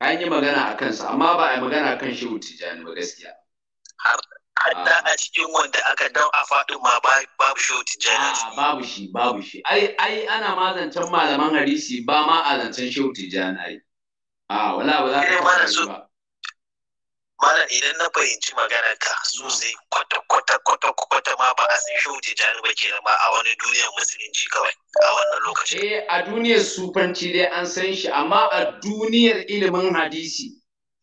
An yi magana a kansa, amma ba a yi magana a kan shehu Tijjani ba gaskiya. Hatta a cikin wanda aka dau a faɗin ma babu shehu Tijjani. Babu shi, babu shi. Ai, ai ana ma zancen malaman harisi ba ma a zancen shehu Tijjani A wala ba za ka ba. mana idan na fahimci maganar ka sosai kwata kwata kwata kwata ma ba a san shehu tijjani ba kenan ma a wani duniyar musulunci kawai a wannan lokaci eh a duniyar sufanci dai an san shi amma a duniyar ilimin hadisi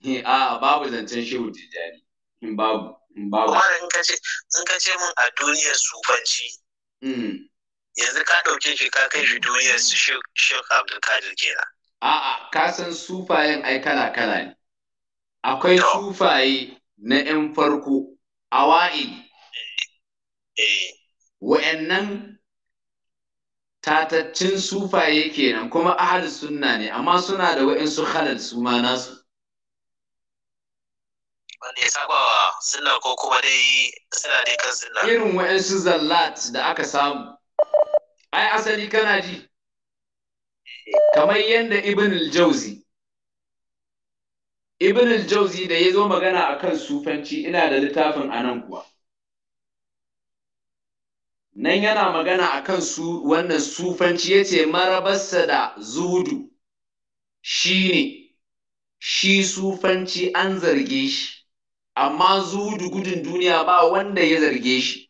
eh, a babu zancen shehu tijjani in babu in ka ce in in kace min a duniyar sufanci hmm. yanzu ka ɗauke shi ka kai shi duniyar shi abdul kadir kenan a'a ka san sufayen ai kala kala ne akwai sufaye na ‘yan farko a eh. wa'i, tatattun tataccin sufaye kenan kuma ahal sunna ne, amma suna da wa'insu halal su ma nasu. Wanda ya saba wa sunna ko kuma dai suna dai kan Irin wa'insu zallat da aka samu, ai asali kana ji, eh. kamar yadda Ibn al-Jauzi. ibn al-jauzi da ya zo magana a kan sufanci ina da littafin a nan kuwa nan yana magana kan su wannan sufanci yace marabarsa da zudu ne, shi sufanci an zarge shi amma zudu gudun duniya ba wanda ya zarge shi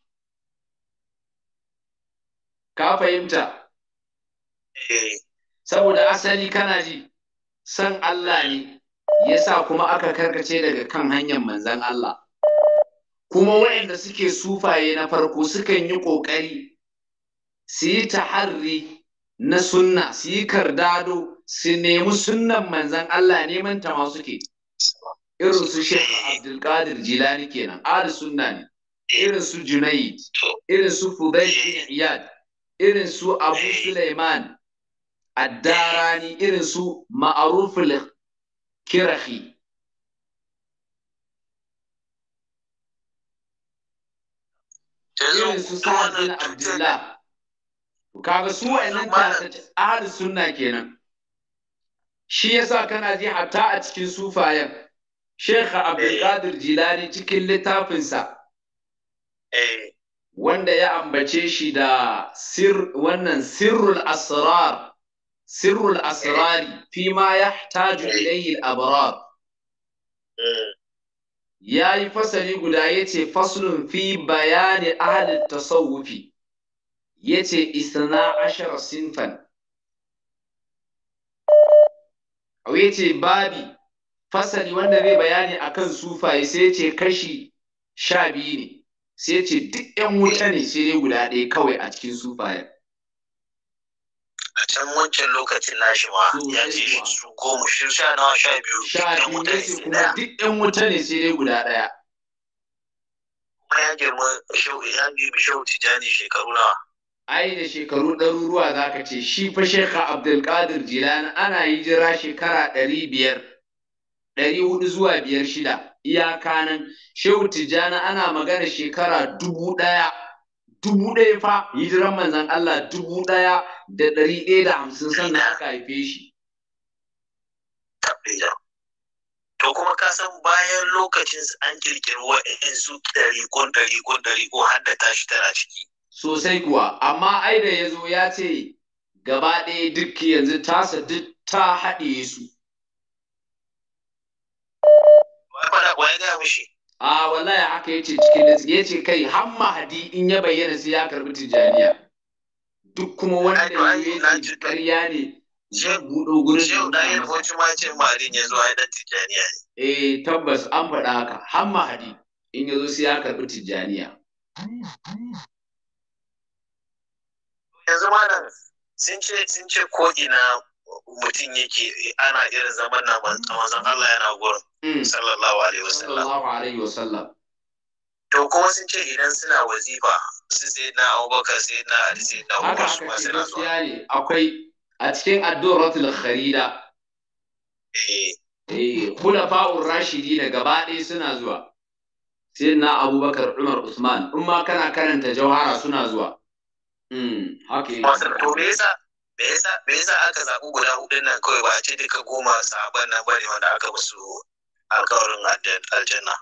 ka fahimta eh. saboda asali kana ji san Allah ne yasa kuma aka karkace daga kan hanyar manzan Allah kuma waɗanda suke sufaye na farko sukan yi ƙoƙari su yi taharri na sunna su yi kardado su nemi sunnan manzan Allah neman ta masu ke irin su Sheikh Abdulkadir Jilani kenan ahli sunna ne irin su Junaid irin su bin Iyad irin su Abu Sulaiman Addarani irin su Ma'aruful kirahi irin su sa'ad bin abdullah kaga su wa'annan ta ahlus sunna kenan shi yasa kana ji hatta a cikin sufayen Sheikh Abdul eh. Qadir Jilani cikin littafinsa eh. wanda ya ambace shi da wannan sirrul asrar sirrul eh. asrari fi ma yahtaju eh. ilayhi al-abrar eh. yayi fasali guda yace faslun fi bayani ahli tasawufi yace isna ashara sinfan yace babi fasali wanda zai bayani akan sufaye sai yace kashi sha biyu ne sai yace duk yan wuta ne sai dai guda ɗaya kawai a cikin sufayen a can wancan lokacin nashi ma ya ce shi su goma shi sha nawa sha biyu sha biyu ne sai kuma duk ɗan wuta ne sai dai guda ɗaya. kuma ya girma ya girma shehu tijjani shekaru nawa. ai da shekaru ɗaruruwa za ka ce shi fa shekha abdulkadir jilani ana yi jira shekara ɗari biyar ɗari hudu zuwa biyar shida iyaka nan shehu tijjani ana magana shekara dubu ɗaya dubu ɗaya fa hijiran manzan Allah dubu ɗaya da ɗari ɗaya da hamsin sannan aka haife shi. To kuma ka san bayan lokacin an kirkiri ɗari ko ɗari ko har da tashi tana ciki. Sosai kuwa, amma ai da ya zo ya ce gaba ɗaya duk yanzu tasa duk ta haɗe su. Wai faɗa, wai gaya mishi. a wallahi haka yace cikin lissafi yace kai har mahadi in ya bayyana sai ya karbi tijaniya duk kuma wanda ya yi ƙarya ne je buɗo gurin shehu da yin hoci ma ce mahadin ya zo a dan tijaniya ne eh tabbas an faɗa haka har mahadi in ya zo sai ya karbi tijaniya yanzu malam sun ce sun ce ko ina mutum yake ana irin zaman na manzon Allah yana gurin Mm. sallallahu alaihi wasallam to kuma sun ce idan suna wazifa su sai na abubakar sai na ali sai na umar su ma suna zuwa ne akwai a cikin addu'aratul kharida eh, eh khulafa'ur rashidi da gaba ɗaya suna zuwa sai na abubakar umar usman in ma kana karanta jauhara suna zuwa Mm, haka yi. To me yasa me aka zaɓi guda hudun nan kawai ba a ce duka goma sahaban nan bane wanda aka musu alkawarin aljanna.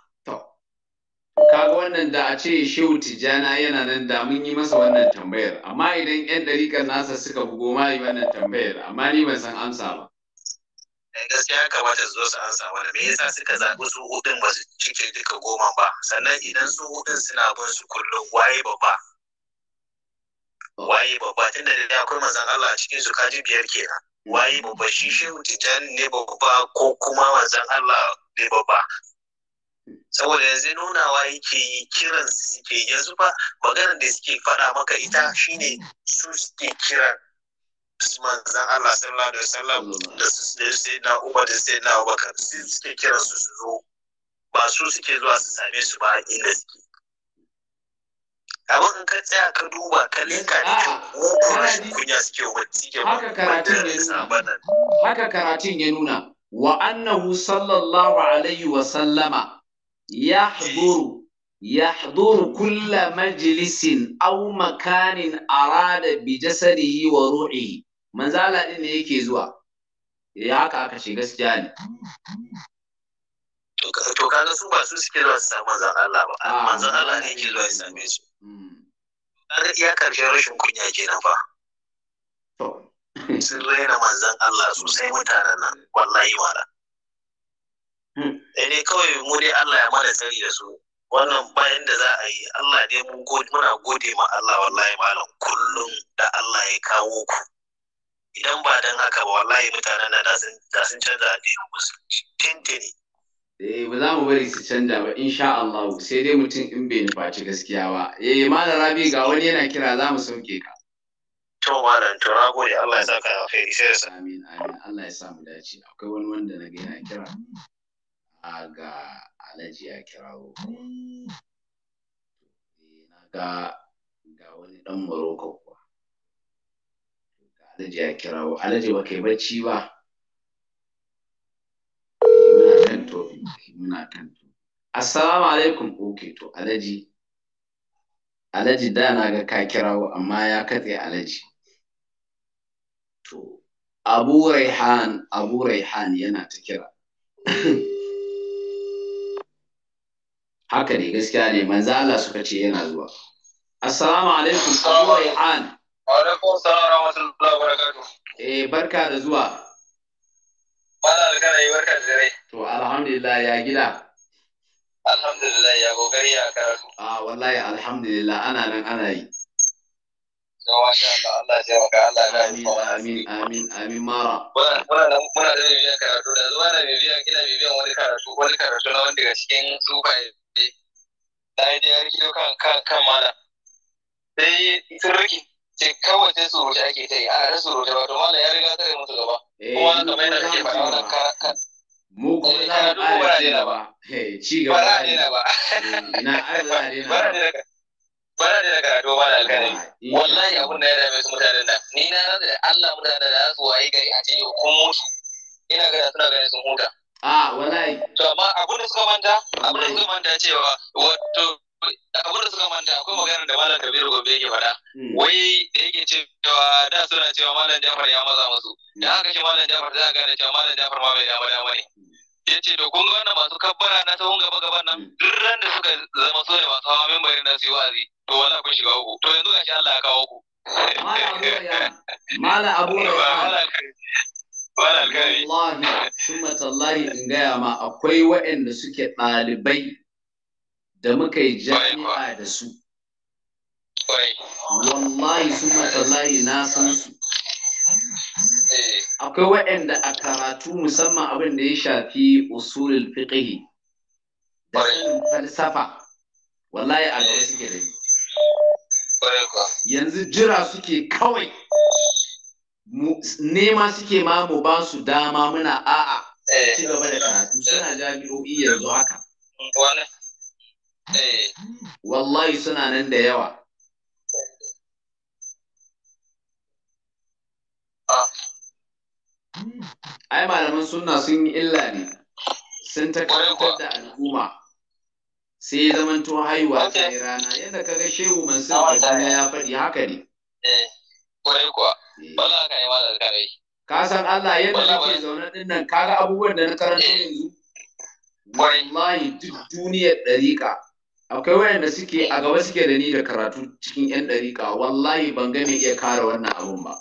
Kaga wannan da a ce Shehu Tijjana yana nan da mun yi masa wannan tambayar, amma idan 'yan ɗarikar nasa suka bugo yi wannan tambayar, amma ni ban san amsa ba. Eh, gaskiya ya kamata su zo su ansa wani me yasa suka zaɓi su hudun ba su cike duka goma ba sannan idan su hudun suna bin su kullum waye babba waye babba tunda da akwai manzan Allah a cikin su kaji biyar kenan mm. waye babba shi shi tijjani ne babba ko kuma manzan Allah bai ba ba saboda yanzu nunawa yake yi kiran suke yanzu ba maganar da suke faɗa maka ita shine su suke kiran Usman, zan Allah sallallahu alaihi wasallam da su da su na Umar da su na Abubakar su suke kiran su su zo ba su suke zuwa su same su ba inda suke abin in ka tsaya ka duba ka leka ne kyau ko rashin kunya suke wacce ke haka karatun ya nuna wa annahu sallallahu alaihi wa sallama ya yahduru kulla majalisin au makanin arada bi jasadihi wa ru'ihi Manzala ɗin din ne yake zuwa ya eh, haka aka ce gaskiya ne to kaga su ba su suke zuwa su samu manzon Allah ba ah, manzon Allah ne yake zuwa su sami hmm. su kaga iya karshen rashin kunya kenan fa to sun raina manzan Allah sosai mutanen nan wallahi mara. Hmm. Ene eh, kawai mu dai Allah ya mana tsari da su wannan bayan da za a yi Allah dai mun muna gode ma Allah wallahi malam kullum da Allah ya kawo ku. Idan ba dan haka ba wallahi mutanen nan da sun canza addinin musulunci tintini. Eh ba za mu bari su canza ba insha Allah sai dai mutum in bai nufaci gaskiya ba. Eh malam Rabi ga wani yana kira za mu sauke ka. to malam to na gode Allah ya saka alheri sai ya amin amin Allah ya sa mu dace akwai wani wanda na ga ya kira a ga alaji ya kirawo eh, na ga ga wani dan kuwa ga alaji ya kirawo alaji ba kai bacci ba eh, muna kan muna kan assalamu alaikum okay to alaji alaji da na ga ka kirawo amma ya katse alaji to abu raihan abu raihan yana ta kira haka ne gaskiya ne manzo Allah suka ce yana zuwa assalamu alaikum abu raihan wa alaikum assalam wa rahmatullahi wa barakatuh eh barka da zuwa da kana yi barka da dare. To alhamdulillah ya gida. Alhamdulillah ya gogari ya karatu. Ah wallahi alhamdulillah ana nan ana yi. Amin, amin, amin, mara. Muna da bibiyan karatu, da zuwa na bibiyan, ina bibiyan wani karatu, wani karatu na wani daga cikin sufaye. Na yi jiyar kido kan kan kan mana. Sai sun riki, ce kawai sai surutu ake ta yi, a da surutu wato mana ya riga tare musu gaba. Kuma na kamar yana ake faɗa wannan kan mu kuma za mu ƙara ci gaba ci gaba na arziki ba bara da daga ado ba da alkalami wallahi abun da ya dame su mutanen nan ni na rantsa da Allah mutanen da su waye gari a ce yau mutu ina ga suna ganin sun huta a wallahi to amma abun da suka manta abun da suka manta cewa wato abun da suka manta akwai magana da malam Kabiru gobe yake faɗa hmm. wai da yake cewa da suna cewa malam Jafar ya maza musu da haka shi malam Jafar za ka gane cewa malam Jafar ma bai dama dama ne ya ce to kun ga wannan masu kabbara na tsawon gaba gaban nan hmm. duk ran da suka zama so da masu hawa membarin na su yi wa'azi to wallahi kun shiga uku to yanzu gashi Allah ya kawo ku mala abu ya mala alkari wallahi kuma tallahi in gaya ma akwai waɗanda suke ɗalibai da muka yi jami'a da su wallahi kuma tallahi na san su eh. akwai waɗanda a karatu musamman abin da ya shafi usulul fiqh da falsafa wallahi a gaba eh. suke da yanzu jira suke kawai nema suke ma mu ba su dama muna a'a eh. ci gaba da karatu suna jami'o'i yanzu haka eh. wallahi suna nan da yawa ah. ai malaman suna sun yi illa ne sun ta da al'umma sai ya to haihuwa ta yi rana yadda ka ga shehu mansur kuma ya faɗi haka ne kwarai eh, kuwa bala ka yi ka san Allah yadda ke zaune ɗin nan ga abubuwan da na karanta eh. yanzu wallahi duk duniyar ɗariƙa akwai wayanda suke a gaba suke da ni da karatu cikin yan ɗariƙa wallahi ban ga iya kare wannan abun ba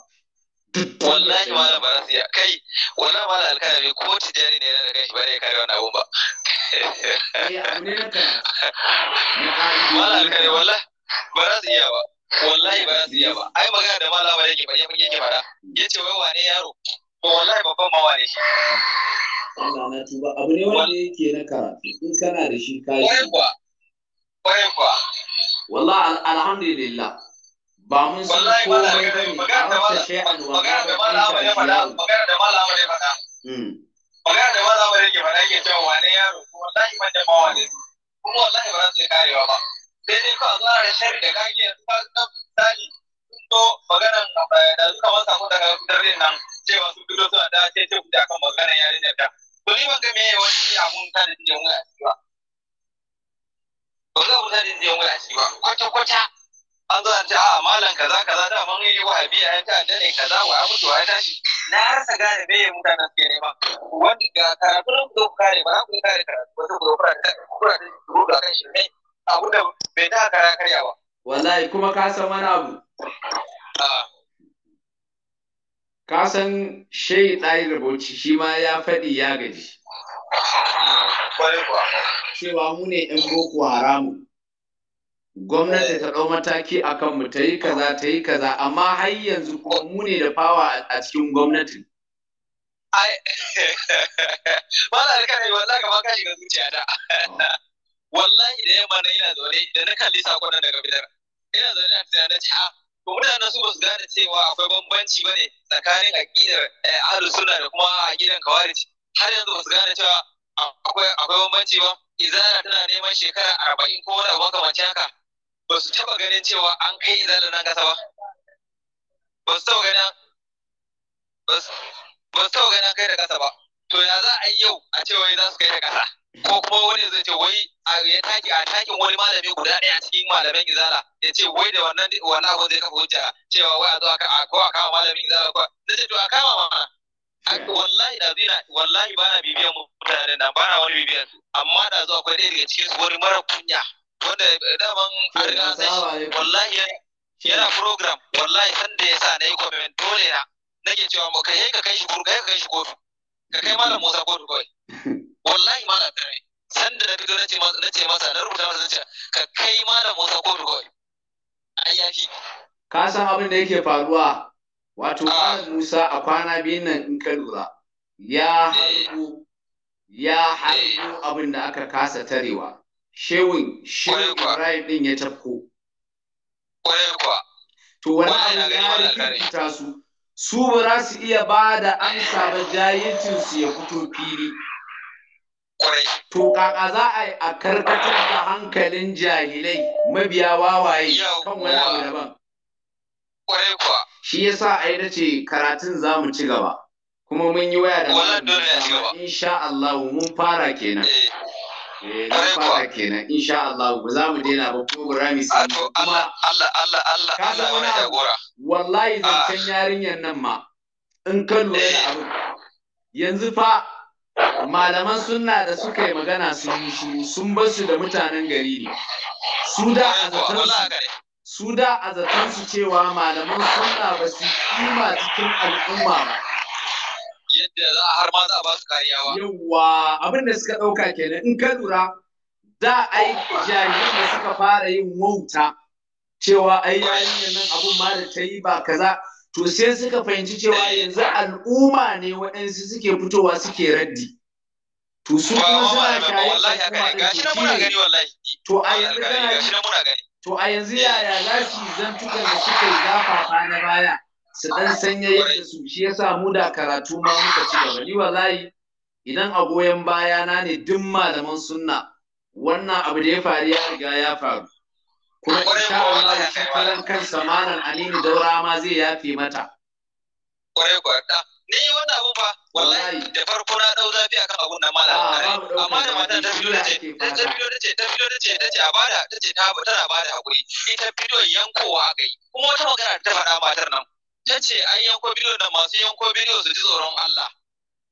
wallahi malam ba za su iya kai wallahi malam alkalami ko tijani ne na ganshi ba ne kare wannan abun ba eh, malam alkalami wallahi ba za su iya ba wallahi ba za su iya ba ai magana da malam ba yake ba yake fara yace wai wane yaro to wallahi babban ma ne shi Allah na abu ne wanda yake na karatu in kana da shi kai kwarai kwa kwa wallahi alhamdulillah ba mun san komai bane arabta shay'an wa ghaibata magana da malama ne faɗa magana da malama bane hmm. ke faɗa ke cewa wane yaro wallahi ban da ma wane kuma wallahi ba za su karewa ba sai dai ko a tsara shari da kake yanzu ka ga misali Kun zo maganan eh, da suka wasa ko daga dare nan cewa sun fito suna da sai ce kuɗi akan maganan da ta to ni ban ga me wani abun ta da jiyan waya ba ba za mu ta da jiyan waya ba kwata-kwata an zo ce a malam kaza kaza da mun yi biya ya ta da ne kaza wa abu to ya tashi na rasa gane me mutanen suke nema wanda ga karatun nan ko kare ba ku kare karatu ko ku kura da kura ta da kan shi ne abu da bai ta kara karya ba wallahi kuma ka san wani abu ka san shehi ɗayi rubuci shi ma ya faɗi ya gaji cewa mu ne ɗan boko haramu gwamnati ta ɗau mataki a kanmu ta yi kaza ta yi kaza amma har yanzu kuma mu ne da fawa a cikin gwamnatin. Ai, mala da kare wallahi kamar ka shiga zuciya da. Wallahi da yamma na yana zaune da na kalli sakon nan daga bidar. Ina zaune na tunanin na ce a ah, to mutanen su ba su gane cewa akwai bambanci ba ne tsakanin aƙidar eh, ahlus sunna da kuma aƙidar kawarij. Har yanzu ba su gane cewa akwai bambanci ba. Izara tana neman shekara arba'in ko wani abu makamancin haka. ba su taba ganin cewa an kai izalin nan kasa ba ba su taba ganin ba su taba ganin kai da kasa ba to ya za a yi yau a ce wai za su kai da kasa ko kuma wani zai ce wai a ya taki a takin wani malami guda ɗaya cikin malamin izala ya ce wai da wannan wannan abu zai kafa hujja cewa wai a zo a ko a kama malamin izala ko na ce to a kama mana wallahi da zina wallahi bana bibiyan mutanen nan bana wani bibiyan su amma da zo akwai ɗaya daga cikin su wani mara kunya wanda daman an riga sai wallahi yana program wallahi sanda da yasa na yi comment dole na nake cewa mu kai ka kai shi gurga ka kai shi kotu ka kai malam Musa kotu kawai wallahi malam dare sanda na fito nace masa nace masa na rubuta masa nace ka kai malam Musa kotu kawai ai ka san abin da yake faruwa wato ah. malam Musa a kwana biyun nan in ka lura ya eh. harbu ya harbu eh. abin da aka kasa tarewa shewin shewin ra'ayi din ya tafko to wani abu ya rikita su su ba za su iya ba da amsa ba jahilcin su ya fito fili to kaka za a yi a karkatar da hankalin jahilai mabiya wawaye kan wani abu daban shi yasa a yi dace, karatun za mu ci gaba kuma mun yi waya da malamin insha Allah mun fara kenan eh. Eh, fara daina ba wallahi zancen ah. yarinyar nan ma in ka lura da eh. yanzu fa malaman suna da suka yi magana sun yi sun bar su da mutanen gari ne su da a zaton cewa malaman suna ba su kima cikin al'umma ba yadda za a har ma za a ba su kariya ba yawa abin da suka dauka kenan in ka lura za a yi jami'an da suka fara yin wauta cewa ai yarinyar nan abun ma da ta yi ba kaza to sai suka fahimci cewa yanzu al'umma ne waɗansu suke fitowa suke raddi to su kuma suna kayan al'umma da to a yanzu to a yanzu yaya za su zantukan da suka yi zafafa na baya su dan sanya yadda su shi ya sa mu da karatu ma muka ci gaba ni wallahi idan a goyon baya na ne duk malaman sunna wannan abu da ya faru ya riga ya faru kuma insha Allah shi kalan kansa malam Aminu Daura ma zai yafe mata kwarai kwa da ni wannan abu fa wallahi da farko na dau zafi akan abun nan malam amma da matan ta fito tace ta fito tace ta fito ta tace a bada ta tace ta tana bada hakuri ita fito yankowa ga yi kuma wata magana ta faɗa matar nan ta ce an yanko bidiyo da masu yanko bidiyo su ji tsoron Allah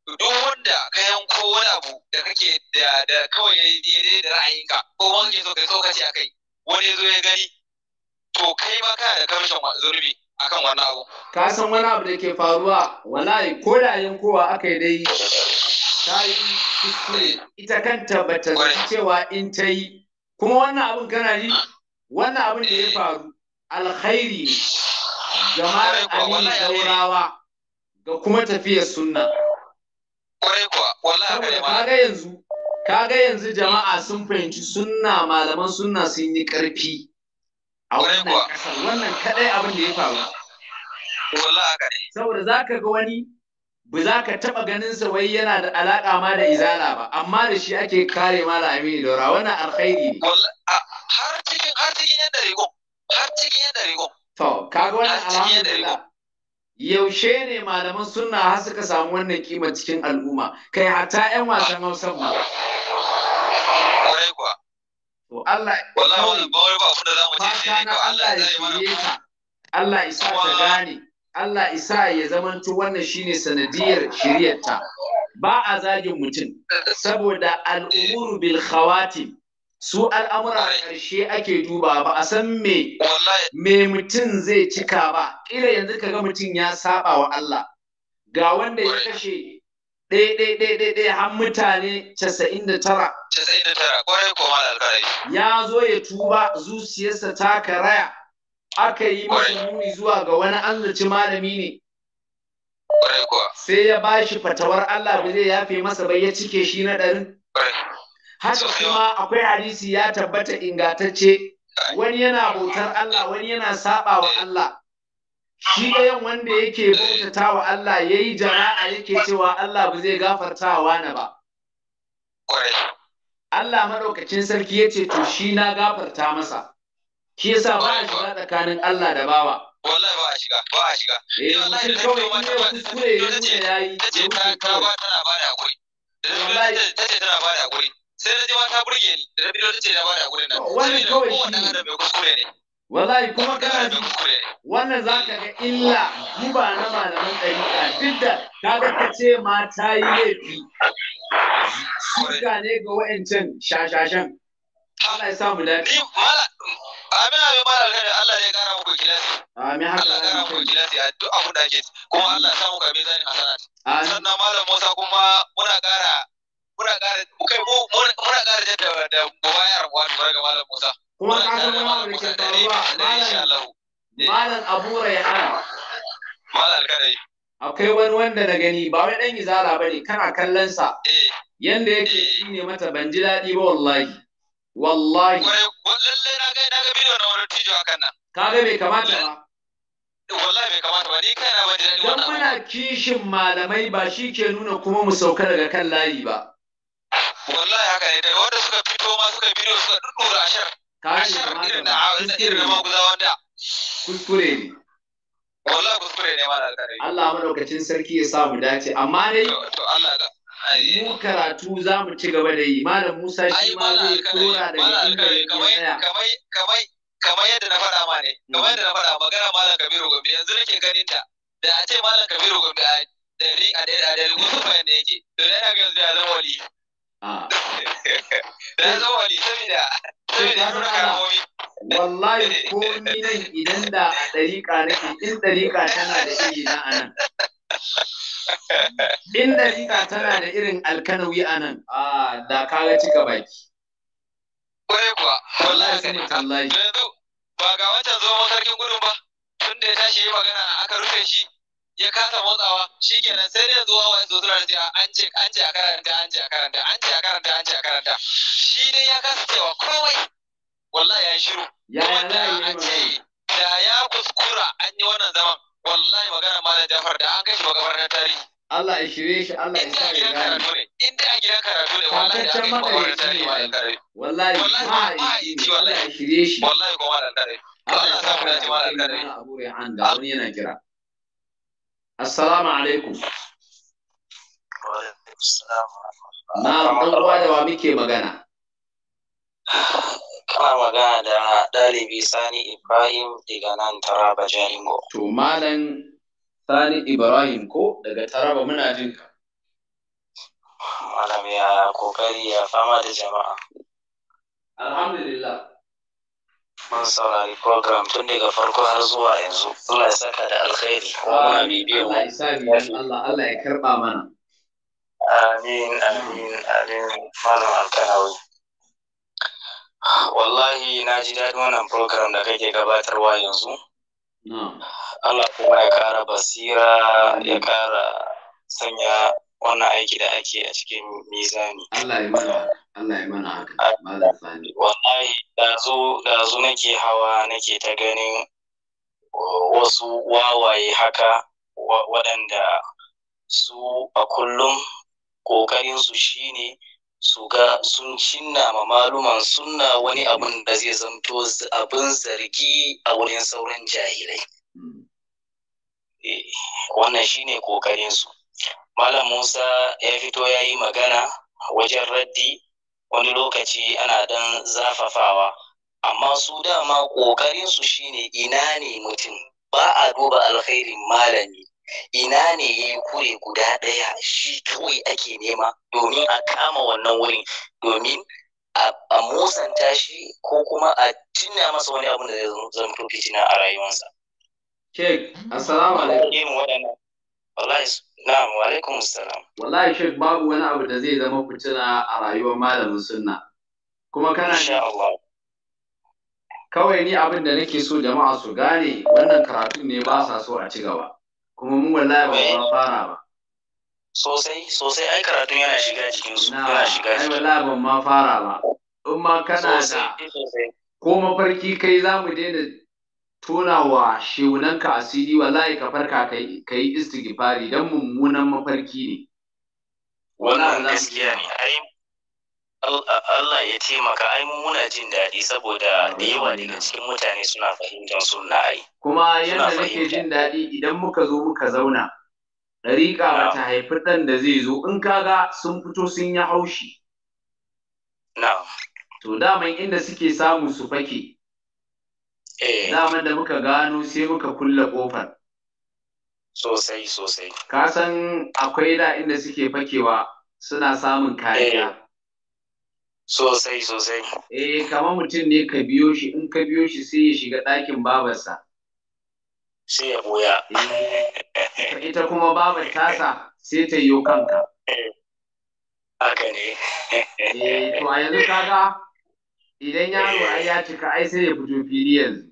duk wanda ka yanko wani abu da kake da kawai ya yi da ra'ayinka ko wani ke so kai tsokaci a kai wani ya zo ya gani to kai ma kana da kamshin a kan wani abu ka san wani abu da ke faruwa wallahi ko da yankowa aka yi dai ta yi kuskure ita kanta ba ta cewa in ta yi kuma wannan abin kana yi wannan abin da ya eh. faru alkhairi ne jama'ar Aminu Zaurawa, ga kuma tafiyar sunna. Kwarai kuwa, wallahi kaga yanzu kaga yanzu jama'a sun fahimci sunna malaman sunna sun yi ƙarfi a wannan ƙasar wannan kaɗai abin da ya faru. Saboda za ka ga wani ba za ka taɓa ganin sa wai yana da alaƙa ma da izala ba amma da shi ake kare ma da amini daura wannan alkhairi ne. Har cikin har cikin yadda rigon har cikin yadda rigon To, kaga wani alhamdulillah. Yaushe ne malaman sunna har suka samu wannan kima cikin al'umma, kai hata 'yan wasan hausan ma. Kwarai To Allah Allah ya Allah isa ta gane. Allah isa ya zamanto wannan shine sanadiyar shiryarta. Ba a zagin mutum saboda al'umuru bil khawatim su al'amura a ƙarshe ake duba ba a san me me mutum zai cika ba ƙila yanzu ka ga mutum ya saba wa Allah ga wanda ya kashe ɗaiɗaiɗaiɗaiɗai har mutane casa'in da tara ya zo ya tuba zuciyarsa ta karaya aka yi masa muni zuwa ga wani an malami ne sai ya ba shi fatawar Allah ba zai yafe masa bai ya cike shi na ɗarin haka kuma akwai hadisi ya tabbata ingantacce wani yana bautar Allah wani yana saba wa Allah shi ɗayan wanda yake bautata wa Allah ya yi jama'a yake cewa Allah ba zai gafarta wa wani ba. Allah maɗaukacin sarki ya ce to shi na gafarta masa. Shi yasa ba a shiga tsakanin Allah da bawa. Wallahi ba a shiga, ba a shiga. Eh, kawai ya nuna ya yi. Ta ta ba Ta ce tana ba da hakuri. sai na je ma ta burge ni da rabido ta ce da bada gurin nan wani kawai shi wannan mai kuskure ne wallahi kuma kana ji wannan zaka ga illa mu na malaman ɗariƙa duk da ta ga ta ce ma ta yi laifi suka ne ga wa'ancan shashashan Allah ya samu dafi Amin amin ba alkhairi Allah ya kara muku kilasi. Amin haka. Allah ya kara muku kilasi a duk abin da ake kuma Allah ya samu ka zani hasanat. Sannan malam Musa kuma muna kara muna ƙara kai mu muna ƙara jadda da wayar wato daga malam Musa kuma ka san malam Musa da ne malam malam Abu Rayhan malam kadai akwai wani wanda na gani ba wai dan izara bane kana kallon sa eh. yanda yake eh. shine mata ban ji daɗi ba wallahi wallahi lallai na ga na ga bidiyo na wani tijo akan nan kaga bai kamata ba wallahi bai kamata ba ni kaina ban ji daɗi wannan muna kishin malamai ba shi ke nuna kuma mu sauka daga kan layi ba wallahi haka ne da wanda suka fito ma suka yi bidiyo suka dudura ashar ashar irin na irin na maguza wanda kuskure ne wallahi kuskure ne ma da kare Allah madaukakin sarki ya sa mu dace amma dai to Allah ga mu karatu za mu ci gaba da yi malam Musa shi ma zai tura da yi kamar kamar kamar yadda na faɗa ma ne kamar yadda na faɗa magana malam Kabiru Gombe yanzu nake ganin ta da a ce malam Kabiru Gombe a dari a dari a dari gusufa ne yake to da yana ga yanzu ya zama wali da zo wani saboda saboda nuna kalmomi wallahi ko nan idan da dariƙa nake in dariƙa tana da iri na anan in dariƙa tana da irin alkanawi anan a da kaga cika baki kwaye kuwa wallahi sai wallahi ba ga wancan zo sarkin gudun ba tun ya tashi yi magana aka rufe shi ya kasa motsawa kenan sai dai zuwa wani zo da da an ce an ce a karanta an ce a karanta an ce a karanta an ce a karanta shi dai ya kasa cewa kowai. wallahi ya shiru kuma da an ce da ya kuskura an yi wannan zaman wallahi magana malam Jafar da an kai shi magabar tarihi Allah ya shirye shi Allah ya sa ya gane inda a gidan karatu ne wallahi da aka yi da tarihi malam wallahi wallahi wallahi ya shirye shi wallahi kuma malam Jafar Allah ya sa mu dace malam Jafar Abu Rehan Da wani yana kira assalamu alaikum na ɗan'uwa da wa muke magana kana magana da ɗalibi sani ibrahim daga nan taraba Jaringo. to malam sani ibrahim ko daga taraba muna jin ka malam ya kokari ya fama da jama'a alhamdulillah mun saurari program tun daga farko har zuwa yanzu Allah ya saka da alkhairi kuma muna bibiyo Allah ya sa biyan Allah Allah ya karba mana amin amin amin malam alkanawi wallahi na ji daɗin wannan program da kake gabatarwa yanzu Allah kuma ya ƙara basira ya ƙara sanya wani aiki da ake a cikin mizani. Allah ya mana, haka, ah, malam sani. Wallahi dazu dazu nake hawa nake ta ganin wasu wawaye haka waɗanda su a kullum ƙoƙarinsu shine su ga sun cinna ma maluman sunna wani abin da zai zanto abin zargi a wurin sauran jahilai. Hmm. Eh, wannan shine ƙoƙarinsu. Malam Musa ya fito ya yi magana wajen raddi wani lokaci ana dan zafafawa amma su dama ƙoƙarinsu su ne ina ne mutum ba a duba alkhairin malami ina ne ya yi kure guda ɗaya shi kawai ake nema domin a kama wannan wuri domin a musanta shi ko kuma a cinna masa wani abin da zai zamto fitina a rayuwarsa. Ke, assalamu alaikum. Wallahi Na'am, wa alaikum salam. Wallahi Sheikh babu wani abu da zai zama fitina a rayuwar malamin sunna. Kuma kana Insha Allah. Kawai ni abin da nake so jama'a su gane wannan karatun ne ba sa so a ci gaba. Kuma mu wallahi ba mu fara ba. Sosai, sosai ai karatun yana shiga cikin su, yana shiga cikin. Ai wallahi ban ma fara ba. In ma kana da ko mafarki kai za mu daina tona wa shehunanka asiri wallahi ka farka ka yi istighfari don mummunan mafarki ne wannan gaskiya ne ai Allah ya taimaka ai muna jin daɗi saboda da yawa daga cikin mutane suna fahimtar sunna ai kuma yadda nake jin daɗi idan muka zo muka zauna ɗariƙa ta haifi ɗan da zai zo in kaga sun fito sun yi haushi to daman inda suke samu su fake Eh. daman da muka gano sai muka kulle ƙofar. Sosai sosai. Ka san akwai da inda suke fakewa suna samun kariya. Eh. Sosai sosai. Eh kama mutum ne ka biyo shi in ka biyo shi sai ya shiga ɗakin babarsa. Sai ya boya. Eh. Ita kuma babar tasa sai ta yi kanka. Haka ne. Eh to a yanzu kaga idan yaro ai ya cika ai sai ya fito fili yanzu.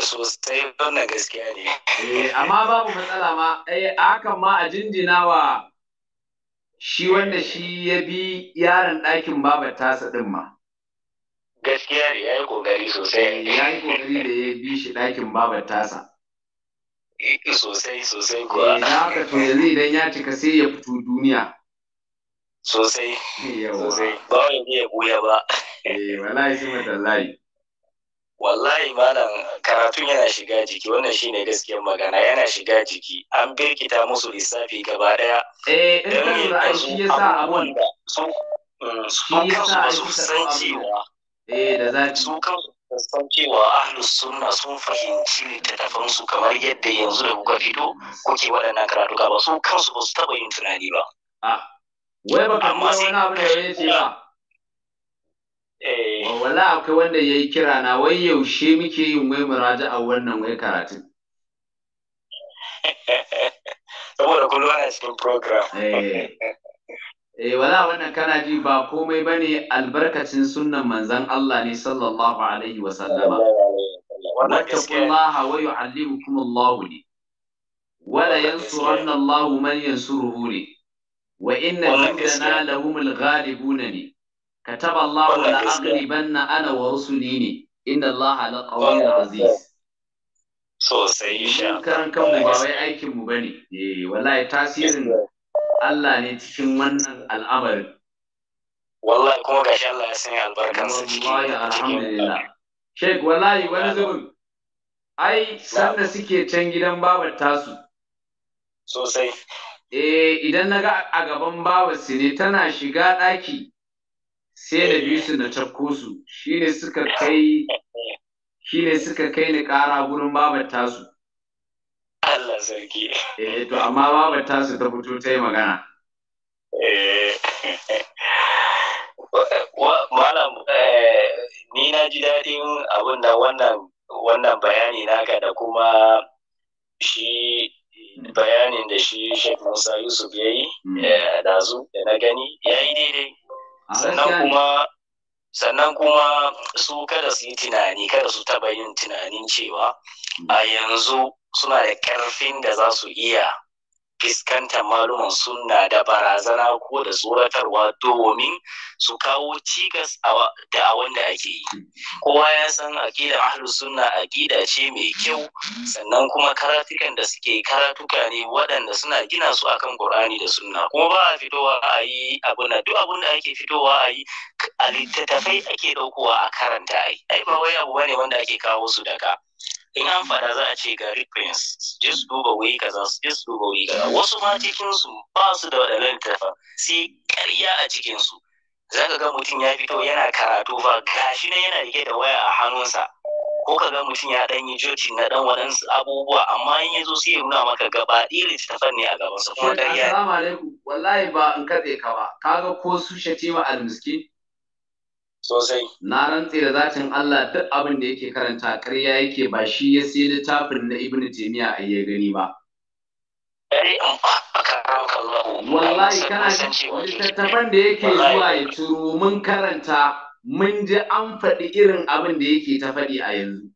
sosai wannan gaskiya ne. Eh, amma babu matsala ma, eh, A hakan ma a jinjina wa shi wanda shi ya bi yaron ɗakin babar tasa ɗin ma. Gaskiya ne ya yi ƙoƙari sosai. Eh, ya yi ƙoƙari da ya bi shi ɗakin babar tasa. Sosai sosai kuwa. Ya haka to yanzu idan ya cika sai ya fito duniya. Sosai. Sosai. Ba wani ya buya ba. Eh, wallahi sai matallahi. wallahi malam karatun yana shiga jiki wannan shine gaskiyar magana yana shiga jiki an birkita musu lissafi gaba daya eh in yanzu abubuwan da eh, su kansu ba su san cewa eh da su kansu san cewa ahlus sunna sun fahimci littattafan su kamar yadda yanzu da kuka fito kuke waɗannan karatuka ba su kansu ba su taɓa yin tunani ba ah, amma sai ba Eh. Oh, wala akwai wanda ya yi kira na wai yaushe muke yin wai muraja a wannan wai karatun saboda kullum ana cikin program eh, eh wala wannan kana ji ba komai ba ne, albarkacin sunnan manzon Allah ne sallallahu alaihi wa sallama wattaqullaha wa yu'allimukum Lahu ne wala yansuranna Allah man suruhu ne wa inna jundana lahumul ghalibuna ne كتب الله لأغلبن أنا ورسلي ne inna Allah la qawiyyun aziz sosai insha Allah karan kanmu ba wai aikin mu bane eh wallahi tasirin Allah ne cikin wannan al'amarin wallahi kuma shi Allah ya sanya albarkan sa cikin wallahi alhamdulillah sheik wallahi wani zubin ai sanda suke can gidan babar tasu sosai eh idan naga a gaban babar su ne tana shiga ɗaki sai da biyu su na cafko su shine suka kai shine suka kai ni ƙara gurin babar tasu Allah sarki eh to amma babar tasu ta fito ta yi magana eh malam eh, ni na ji daɗin abin da wannan wannan bayani naka da kuma shi bayanin da shi Sheikh Musa Yusuf ya yi hmm. eh, da zu da na gani ya yi daidai sannan kuma sannan kuma su kada su yi tunani kada su taɓa yin tunanin cewa a mm. yanzu suna da ƙarfin da za su iya fiskantar malumin suna da barazana ko da tsoratarwa domin su kawo cikas da a wanda ake yi kowa ya san aƙidar ahlu suna aƙida ce mai kyau sannan kuma karatukan da suke karatuka ne waɗanda suna gina su akan ƙur'ani da suna, kuma ba a fitowa a yi abu duk abun da ake fitowa a yi a littattafai ake ɗaukowa a karanta ai ai ba wai abu ne wanda ake kawo su daga in an fada za a ce ga reprints just duba wai kaza just duba wai kaza wasu ma cikin su ba su da waɗannan tafa sai ƙarya a cikinsu. su zaka ga mutum ya fito yana karatu ba gashi nan yana rike da waya a hannunsa ko ka ga mutum ya dan yi joci na dan waɗansu abubuwa amma in yazo sai ya nuna maka gaba ɗaya littafan ne a gaban sa kuma ƙarya assalamu alaikum wallahi ba in katse ka ba kaga ko su shatima almiskin sosai na rantse da zatin Allah duk abin da yake karanta ƙarya yake ba shi ya sai littafin na Ibn Taymiyyah a iya gani ba eh, wallahi kana littattafan da yake zuwa ya turo mun karanta mun ji an faɗi irin abin da yake ta faɗi a yanzu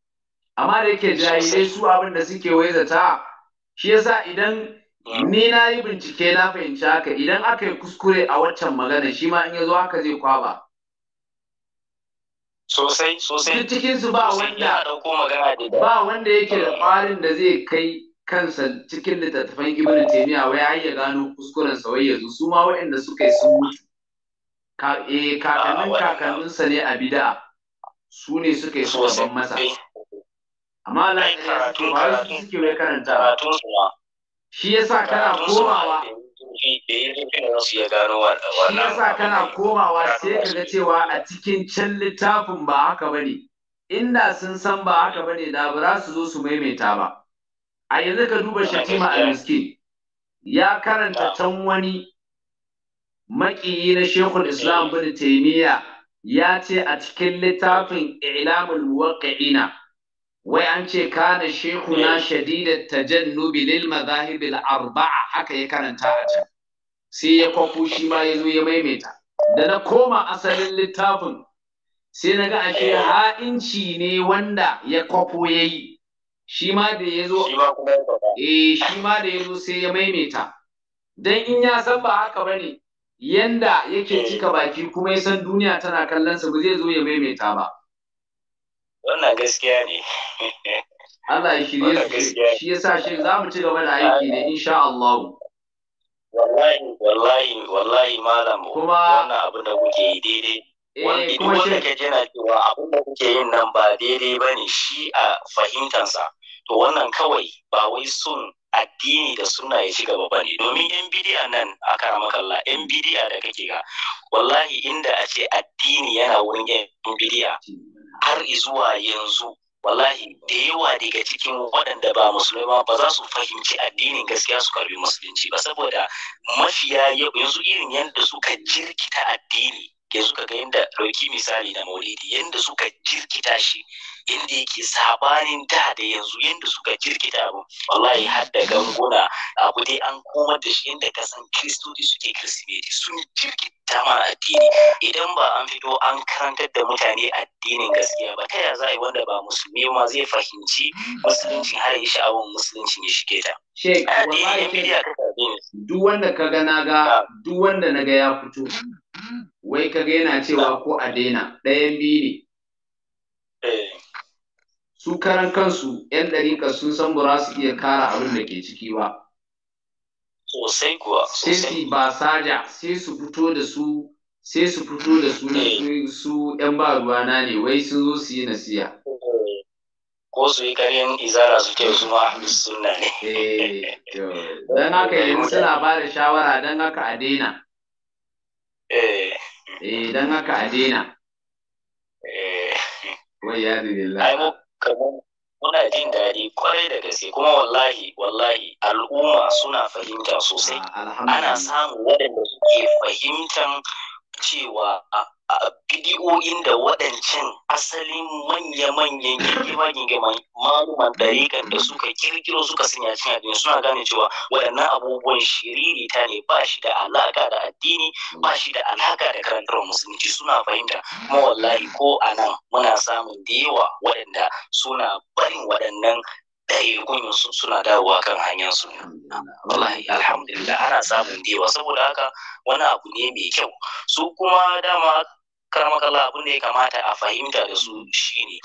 amma da yake jahilai su abin da suke waizata shi yasa idan ni na yi bincike na fahimci haka idan aka yi kuskure a waccan magana shi ma in ya zo haka zai kwaba sosai sosai duk cikin su ba wanda ba wanda yake da farin da zai kai kansa cikin littattafan ibnu taymiya wai har ya gano kuskuren sa wai yanzu su ma waɗanda suka yi sun mutu ka eh kakannin ah, kakanninsa ne a bid'a su ne suka yi suka masa amma Allah ya su ba su suke wai karanta shi yasa kana komawa da shi ya gano wannan yasa kana komawa sai ka ga cewa a cikin can littafin ba haka bane inda sun san ba haka bane da ba za su zo su maimaita ba a yanzu ka duba shatima a miskin ya karanta can wani maƙiyi na shekul islam bin taimiyya ya ce a cikin littafin ilamul muwaqqi'ina wai an ce kana shekuna shadidat tajannubi lil madhahib arba'a haka ya karanta a can sai ya kwafo shi ma ya zo ya maimaita da na koma asalin littafin sai na ga ashe ha'inci ne wanda ya kwafo ya yi shi ma da ya zo eh shi ma da ya zo sai ya maimaita dan in ya san ba haka ba ne yanda yake eh. cika baki kuma ya san duniya tana kallon sa ba zai zo ya maimaita ba wannan gaskiya ne Allah ya shirye su shi sa shi za mu ci gaba da aiki ne insha Allah wallahi wallahi wallahi malam wannan abu da kuke yi daidai eh, wanda duk wanda ke jina cewa abin da kuke yin nan ba daidai ba ne shi a fahimtansa to wannan kawai ba wai sun addini da suna ya ci gaba ba ne domin yan bidiya nan a makalla. yan bidiya da kake ga wallahi inda a ce addini yana wurin yan bidiya har izuwa yanzu wallahi da yawa daga cikin waɗanda ba musulmai ba za su fahimci addinin gaskiya su karbi musulunci ba saboda mafiya yanzu irin yadda suka jirkita addini yanzu ka ga yadda ɗauki misali na maulidi yadda suka jirkita shi inda yake sabanin da da yanzu yanda suka jirkita abu wallahi har da ganguna abu dai an komar da shi yanda ka san kristoci suke kirsimeti sun jirkita ma addini idan ba an fito an karantar da mutane addinin gaskiya ba ta ya za a yi wanda ba musulmi ma zai fahimci musulunci har ya sha'awar musulunci ya shige ta. duk wanda ka na ga ah. duk wanda na ya fito wai ka ga yana cewa ko a daina ɗayan biyu ne Eh, su karan kansu 'yan ɗariƙa sun san ba su iya kara abin da ke ciki ba. Sosai kuwa. Sai ba saja sai su fito da su sai su fito da su ne eh. su 'yan ba na ne wai sun zo su yi nasiya. Eh, ko su yi karin izara su ke su ma sunna ne. Don haka yanzu suna ba da shawara don haka a daina. Eh. don haka a daina. Eh. Wai Ai mu kamar muna jin daɗi kwarai da gaske kuma wallahi wallahi al'umma suna fahimta sosai. Ana samun waɗanda suke fahimtan cewa bidiyoyin da waɗancan asalin manya-manyan girgiman maluman ɗarikan da suka kirkiro suka sanya cin abinci, suna gane cewa waɗannan abubuwan shiririta ne ba shi da alaka da addini ba shi da alaka da karantar musulunci suna fahimta kuma ko a nan muna samun da yawa waɗanda suna barin waɗannan ɗaya suna dawowa kan hanyar su wallahi alhamdulillah ana samun dewa saboda haka wani abu ne mai kyau su kuma dama karmakalla abin da ya kamata a fahimta da su shine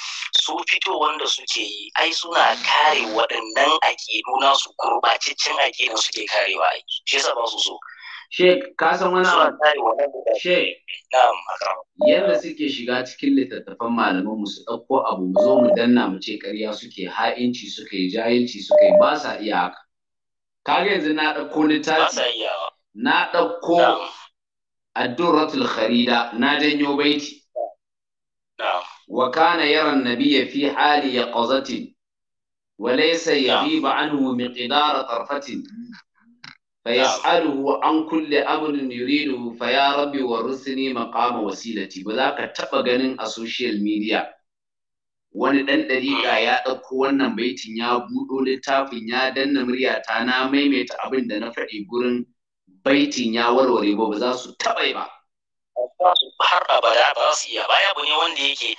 su fito wanda suke yi ai suna kare waɗannan aƙidu su gurɓataccen aƙidun suke karewa ai shi yasa ba su so Sheikh, ka san wani abu? Sheikh, yadda suke shiga cikin littattafan malaman mu su ɗauko abu mu zo mu danna mu ce ƙarya suke ha'inci suke jahilci suke ba sa iya haka. Kaga yanzu na ɗauko littafi. Na ɗauko ad-durratul kharida na janyo baiti wa kana yara ya fi hali yaqazatin wa laysa An kulle miqdar tarfatin فيسأله عن كل أمر يريده فيا maƙama ورثني ba za ka taɓa ganin a social media wani ɗan ɗariƙa ya ɗauko wannan baitin ya buɗo littafin ya danna muryata na maimaita abin da na faɗi gurin baitin ya warware ba za su taɓa ba. Har abada ba su iya baya abu ne wanda yake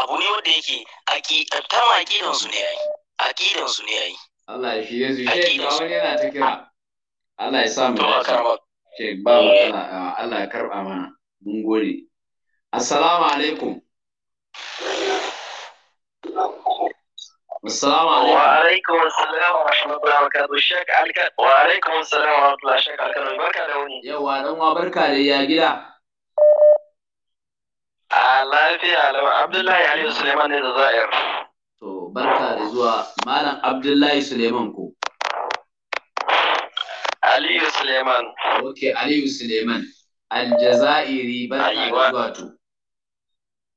abu ne wanda yake aƙidantar aƙidan su ne yayi aƙidan su ne yayi. Allah ya shirye su shi ba wani yana ta kira. Allah ya sa mu dace. Shek ba mu eh. Allah ya karɓa mana. Mun gode. Assalamu alaikum. Assalamu alaikum. Wa alaikum assalam wa rahmatullahi wa barakatuh. Shek Alkan. Wa alaikum assalam wa rahmatullahi Shek Alkan. Barka da wuni. Yawa wa barka da ya gida. A lafiya lau Abdullahi Aliyu Suleiman ne da Za'ir. To barka da zuwa Malam Abdullahi Suleiman ko. Aliyu Suleiman. Ok Aliyu Suleiman. Aljazairi barka zuwa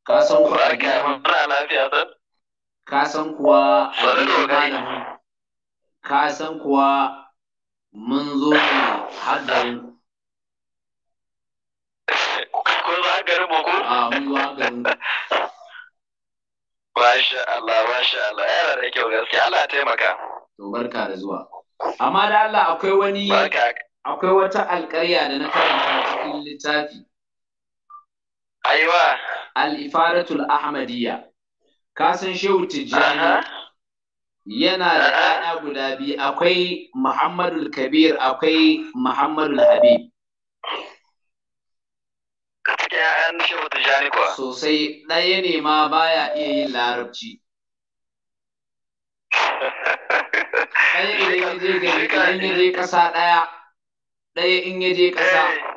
Ka san lafiya ka san kuwa ka san kuwa mun zo na hadarin ko za garin mu ko a mun zo hadarin masha Allah masha Allah yana da kyau gaskiya Allah ya taimaka to barka da zuwa amma da Allah akwai wani akwai wata alƙarya da na karanta cikin littafi aiwa al-ifaratul ahmadiyya kasan shehu tijjani yana da 'ya'ya guda biyu akwai Muhammadu kabir akwai Muhammadu habib sosai ɗaya ne ma baya iya yin larabci ɗaya idan idan ya je ƙasa ɗaya ɗaya in ya je ƙasa eh.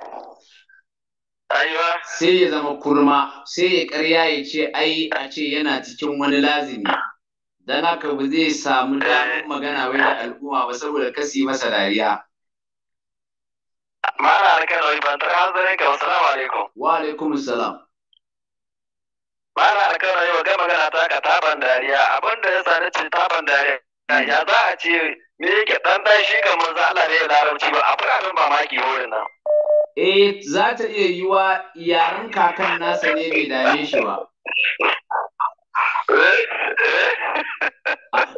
sai ya zama kurma sai ya karya ya ce ai a ce yana cikin wani lazimi don haka ba zai samu damar magana wai da al'umma ba saboda kasi masa dariya Mala alkano ban bantar hanzarin ka assalamu alaikum wa alaikum salam. Mala alkano ban ga magana ta ka taban dariya abinda ya sa ce taban dariya ya za a ce me yake dan dan shi ga manzo Allah ne larabci ba abin abin ba maki wurin nan eh za ta iya yiwa yaran kakan nasa ne bai dame shi ba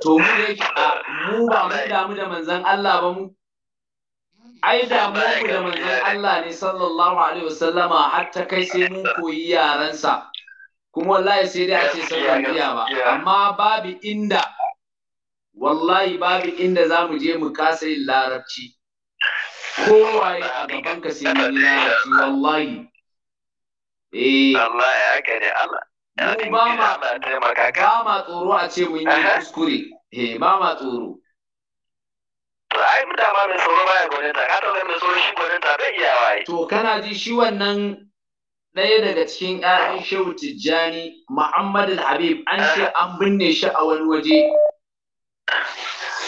to mu a mu ba mun damu da manzon Allah ba mu ai mu da manzon Allah ne sallallahu alaihi wasallama har ta kai sai mun koyi yaransa kuma wallahi sai dai a ce sallan biya ba amma babu inda wallahi babu inda za mu je mu kasa yin larabci kowaye a gaban ka sai mun larabci wallahi eh wallahi haka ne Allah ba ma ba ma tsoro a ce mun yi kuskure eh ba ma tsoro to ai mu dama mai tsoro baya gwaninta ka taɓa mai tsoro shi gwaninta bai iya waye to kana ji shi wannan ɗaya daga cikin 'ya'yan shehu tijjani Muhammadu habib an ce an binne shi a wani waje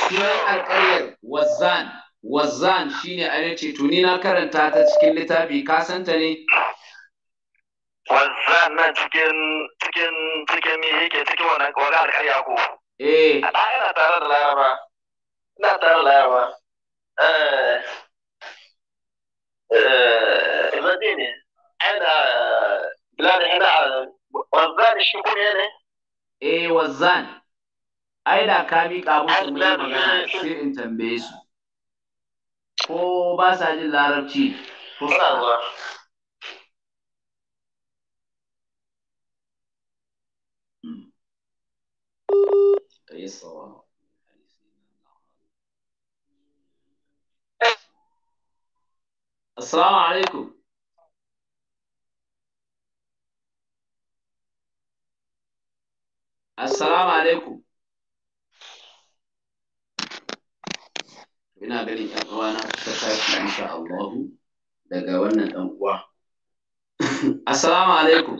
sunan alƙaryar wazan wazan ne a yace to na karanta ta cikin littafi ka ta ne wazan nan cikin cikin cikin me yake cikin wani alƙarya ko eh Ana ah, yana tare da laraba ina tare da laraba eh eh ne ana ina wazan shi ko ne eh wazan ai da ka miƙa musu mai magana sai in tambaye su ko ba sa jin larabci ko sa hmm. Assalamu alaikum. Assalamu alaikum. ina ganin yan uwana ta tashi insha Allahu daga wannan dan uwa assalamu alaikum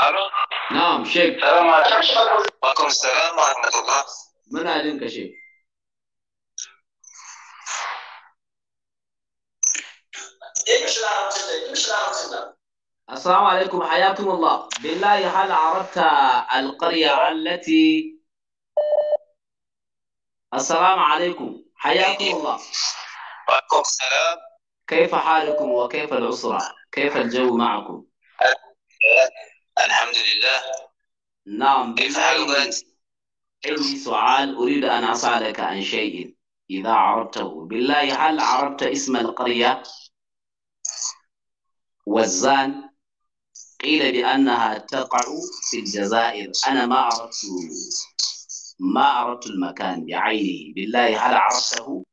Alo? Na'am, Sheikh. Salamu alaikum. Wa alaikum salam wa rahmatullah. Muna jin ka, Sheikh. السلام عليكم حياكم الله بالله هل عرفت القرية التي السلام عليكم حياكم الله وعليكم السلام كيف حالكم وكيف الأسرة؟ كيف الجو معكم؟ الحمد لله نعم كيف حالك أنت؟ عندي سؤال أريد أن أسألك عن شيء إذا عرفته بالله هل عرفت اسم القرية وزان قيل بأنها تقع في الجزائر أنا ما عرفت ما أردت المكان بعينه بالله هل عرفته؟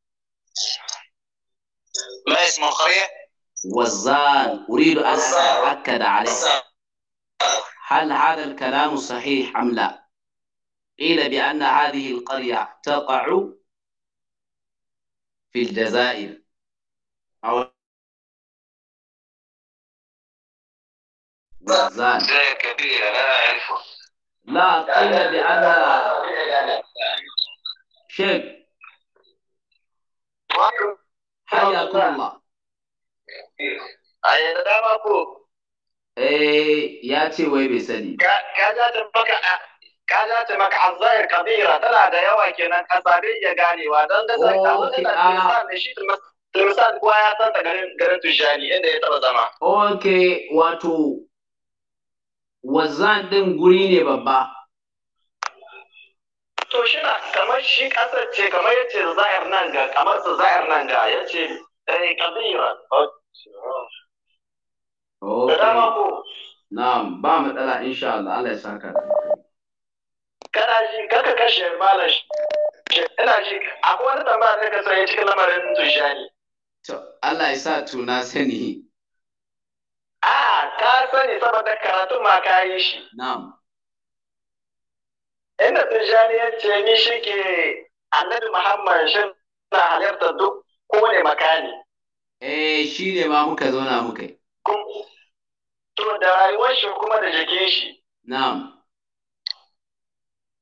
ما اسم القرية؟ وزان أريد أن أتأكد عليه هل هذا الكلام صحيح أم لا؟ قيل بأن هذه القرية تقع في الجزائر أو وزان كبيرة لا أعرفه لا قيل بأن شيخ حياكم الله أي دama ko eh ya ce wai bai sani ka za ta ka za ta kabira tana da yawa kenan ka sabe ya ganewa don da sai ka zo da shi turmusan kuwa ya san garin garin tujani inda ya taba zama okay wato wazan din guri ne babba to shi na kamar shi kasar ce kamar yace zayar nan ga kamar su zayar nan ga yace eh kabira okay. Na'am, ba matsala insha Allah, Allah ya saka Kana ji kaka kashe malam ina ji akwai wani tambaya da ka sanya cikin lamarin tushani. To, Allah ya sa tuna sani. A ka sani saboda karatu ma ka yi shi. Na'am. Inda Tijjani ya ce ni shi ke Annabi Muhammad shi na halarta duk kowane makani. Eh shi ne ma muka zauna muka yi. To da rayuwar shi kuma da jikin shi. Na'am.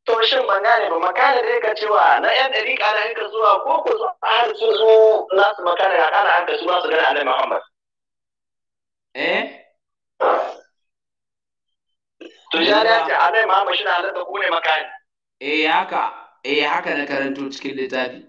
To shin ban gane ba makana dai ka cewa na ƴan ɗari kana yanka zuwa ko ku zo a har su zo nasu makana ya kana an ka su ba su gana Annabi Muhammad. eh to ya ce ana ma mashi na halatta ku ne makani eh haka eh haka na karanto cikin littafi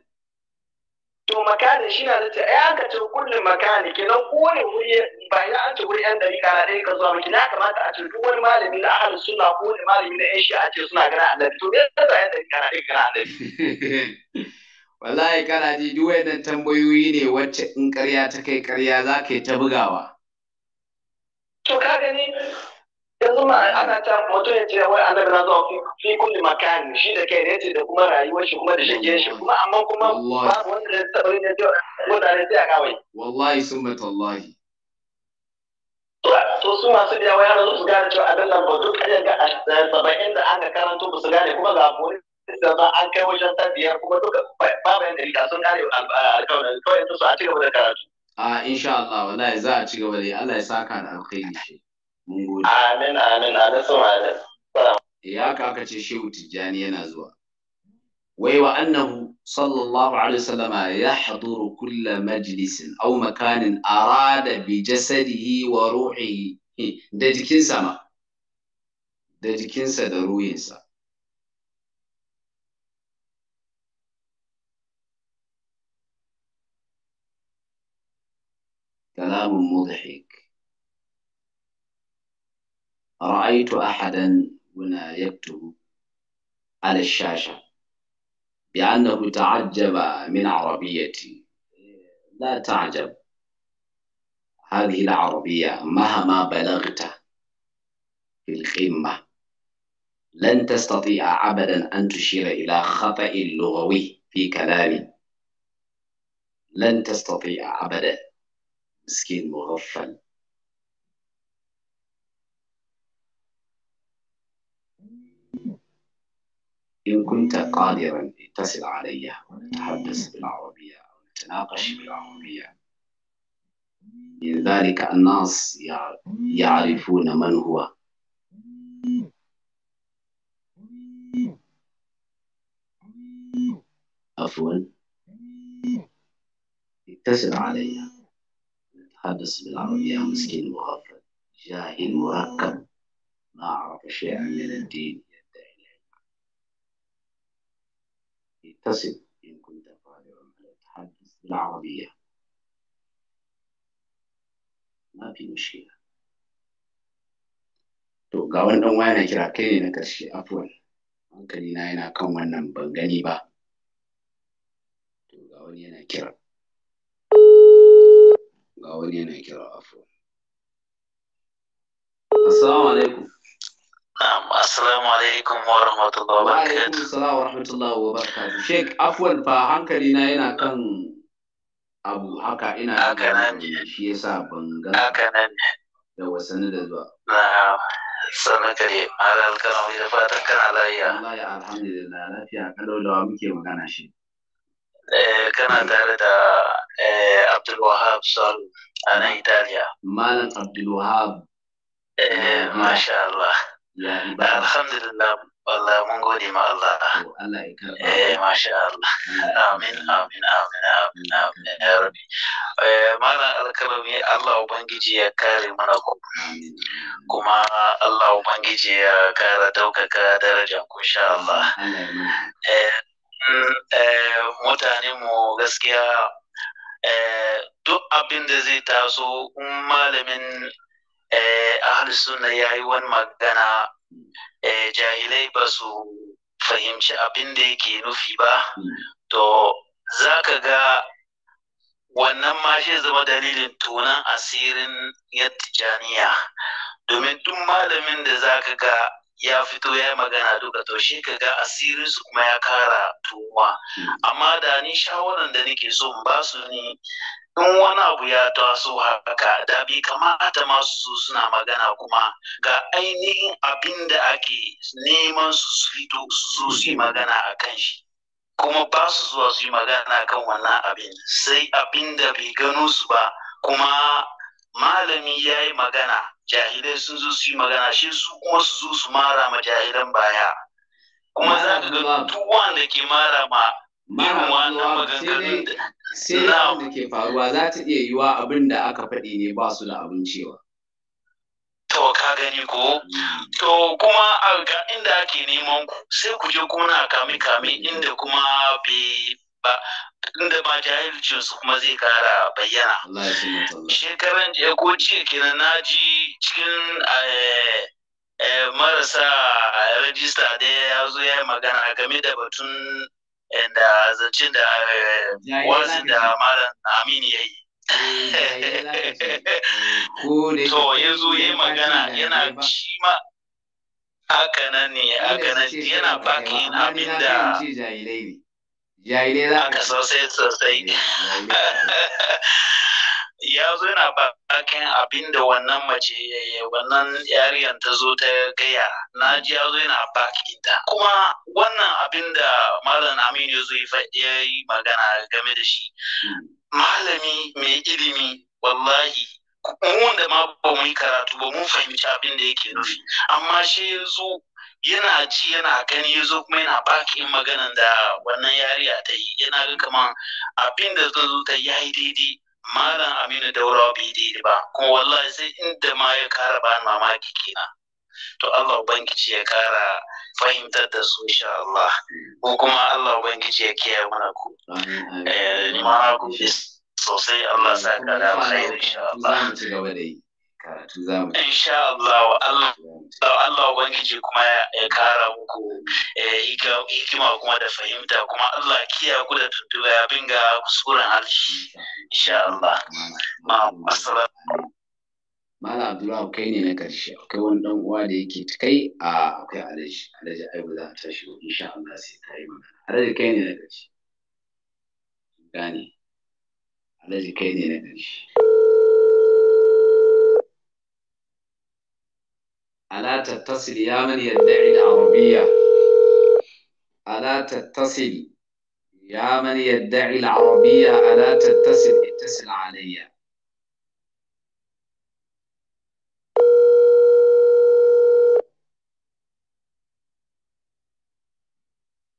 to makani shi na da ta eh haka ce kullum makani kenan kowane wuri ba ya an ce wuri yan dari kana dai ka zuwa miki na kamata a ce duk wani malami na ahlus sunna ko malami na yan shi'a ce suna gana annabi to me yasa yan dari kana dai kana annabi wallahi kana ji duk wayannan tambayoyi ne wacce in karya ta kai karya za ka yi ta bugawa to ka gani yanzu ma ana ta mutum ya ce wai annabi na zuwa fi kulli makani shi da kai ne ce da kuma rayuwar shi kuma da shige shi kuma amma kuma babu wanda ya taɓa yin yadda mutane sai a kawai wallahi summa tallahi to su masu da yawa su gane cewa abin nan ba duk ajiyar ga saba'in da an ga karanto ba su gane kuma ga da zama an kai wajen ta kuma duka babu yadda sun gane alkawarin kawai su a cigaba da karatu a ah, insha Allah wallahi za a ci gaba da Allah ya saka da alkhairi shi mun gode amin amin a da sama ya ka aka ce shehu tijjani yana zuwa wai wa annahu sallallahu alaihi wasallama yahduru kulla majlisin aw makanin arada bi jasadihi wa ruhihi da jikinsa ma da jikinsa da ruhinsa كلام مضحك رأيت أحدا هنا يكتب على الشاشة بأنه تعجب من عربيتي لا تعجب هذه العربية مهما بلغت في القمة لن تستطيع أبدا أن تشير إلى خطأ لغوي في كلامي لن تستطيع أبدا مسكين مغفل إن كنت قادرا اتصل علي ونتحدث بالعربية أو نتناقش بالعربية لذلك ذلك الناس يعرفون من هو عفوا اتصل علي حبس بالعربية مسكين مغفل جاهل مهكم ما عرف شيئا من الدين يدعي العلم اتصل إن كنت قادرا على التحدث بالعربية ما في مشكلة to ga wani dan waya na kira kai ne na karshe afwan hankali na yana kan wannan ban gani ba to ga wani yana kira ga wani yana kira afo assalamu alaikum na'am assalamu alaikum wa rahmatullahi wa barakatuh assalamu wa rahmatullahi wa barakatuh sheik afwan fa hankali na yana kan abu haka ina haka nan shi yasa ban ga haka nan da wasanni da zuwa na'am sannan kare malal kana da fatan kana lafiya wallahi alhamdulillah lafiya kalau da muke magana shi آه، كان تارد آه، عبد الوهاب صال أنا إيطاليا مالك عبد الوهاب آه، ما شاء الله الحمد لله والله من قولي مع الله ما شاء الله آمين آمين آمين آمين آمين يا ربي مالا الكرمي الله وبنجي يا كاري منكم كما الله وبنجي يا كارا دوكا كارا درجة إن شاء الله Eh, mutanenmu gaskiya eh, duk abin da zai taso in malamin eh, ahal suna ya yi wani magana jahilai ba su fahimci abin da yake nufi ba to za ka ga wannan ma shi zama dalilin tunan asirin yadda janiya domin duk malamin da za ka ga ya fito ya yi magana duka to shi ka ga asirin su kuma ya kara tumuwa hmm. amma da ni shawaran da nake so in ba su ne in wani abu ya taso haka da bai kamata masu suna magana kuma ga ainihin abin da ake neman su fito su su yi hmm. magana a kan shi kuma ba su zuwa su yi magana kan wannan abin sai abin da bai gano su ba kuma malami ya yi magana jahilai sun zo su yi magana shi su kuma su zo su mara ma jahilan baya kuma za ka ga duk wanda ke mara ma irin wannan maganganun sai da ke faruwa za ta iya yiwa abin da aka faɗi ne ba su da abin cewa to ka gani ko hmm. to kuma a ga inda ake neman ku sai ku je kuma na kame kame hmm. inda kuma bai ba inda ma jahilcin su kuma zai kara bayyana shekaran ko ce kenan naji cikin eh, eh, marasa rajista da ya zo ya yi magana game da batun eh, da zancen da wazin da malam amini ya yi to ya zo ya yi magana yana ci ma haka nan ne haka nan yana bakin abin da aka sosai sosai ya zo yana ba kan abin da wannan mace wannan yariyan ta zo ta gaya na ji ya zo yana ba ta kuma wannan abin da malam aminu ya zo ya yi magana game da shi malami mai ilimi wallahi mun da ma ba mu yi karatu ba mun fahimci abin da yake nufi amma shi ya zo yana ji yana gani ya zo kuma yana bakin maganan da wannan yariya ta yi yana ga kaman abin da zan zo ta yayi daidai malam aminu daura bai daidai ba kuma wallahi sai inda ma ya kara ba mamaki kenan to Allah ubangiji ya kara fahimtar da su insha Allah ko kuma Allah ubangiji ya kiyaye mana ku eh ma ku sosai Allah sa ka da alheri insha Allah karatu za mu insha Allah Allah Allah ubangiji kuma ya kara muku eh, hikima kuma da fahimta kuma Allah kiya ku da tuttuba ya binga kusuran harshe insha Allah ma assalamu Malam Abdullahi kai ne na ƙarshe akwai wani ɗan uwa da yake kai a akwai alaji alaji ai za a tashi insha Allah sai ta yi magana alaji kai ne na ƙarshe gani alaji kai ne na ƙarshe ألا تتصل يا من يدعي العربية ألا تتصل يا من يدعي العربية ألا تتصل اتصل علي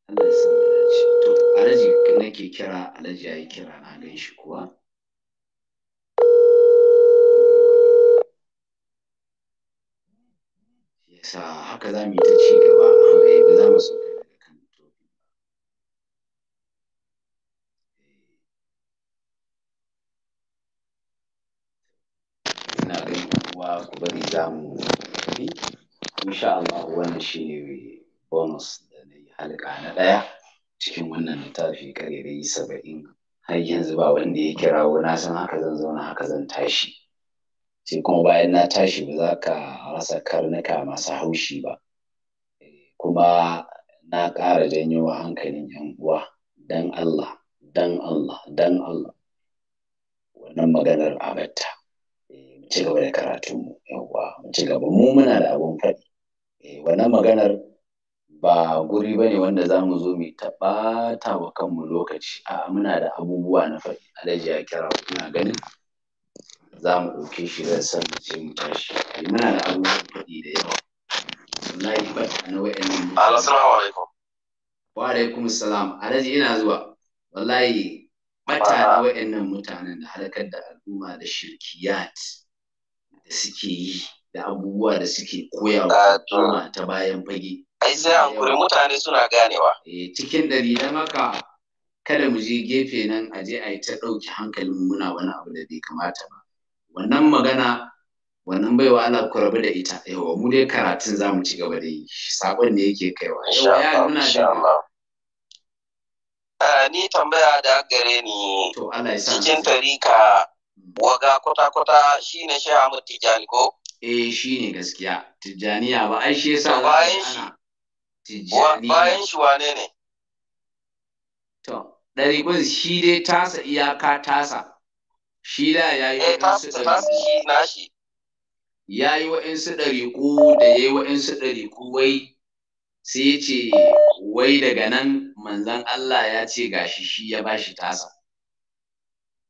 Allah ya san da dace. To, alaji nake kira, alaji ya yasa haka za mu yi ta ci gaba eh, ba za mu sauka daga kan ba eh. ina ganin uwa ku bari za mu tafi insha Allah wannan shi ne bonus da na yi halka na ɗaya cikin wannan littafi ƙarerai saba'in har yanzu ba wanda ya kirawo na san haka zan zauna haka zan tashi sai kuma bayan na tashi ba za ka rasa karnuka masu haushi ba kuma na ƙara janyo wa hankalin yan uwa dan Allah dan Allah dan Allah wannan maganar abatta eh, mu ci gaba da karatu mu yawa mu ci gaba mu muna da abun faɗi eh, wannan maganar ba guri ba ne wanda za mu zo mu ta ɓata wa kanmu lokaci a muna da abubuwa na faɗi alhaji ya kira muna ganin za mu ɗauke shi da sallah sai mu tashi eh, muna da abubuwan kuɗi da yawa wallahi ba na wa'annan assalamu alaikum wa alaikum salam alhaji ina zuwa wallahi bata na wa'annan mutanen da harkar da al'umma da shirkiyat da suke yi da abubuwa da suke koyawa al'umma ta bayan fage ai sai hankuri mutane suna ganewa eh cikin dan haka kada mu je gefe nan a je a yi ta ɗauki hankalin muna wani abu da bai kamata ba wannan magana wannan baiwa Allah ku rabu da ita yawa mu dai karatun za mu ci gaba da yi sabon ne yake kaiwa yawa ya nuna da ah, ni tambaya da gare ni cikin tarika hmm. waga kwata-kwata shine shi Ahmad Tijani ko eh shine gaskiya Tijaniya ba ai shi yasa ana. shi bayan shi wane ne to dari shi dai tasa iyaka tasa shi da ya yi waɗansu ɗariƙu ya yi waɗansu ɗariƙu da ya yi waɗansu ɗariƙu wai sai ya ce wai daga nan manzan Allah ya ce gashi shi ya ba shi tasa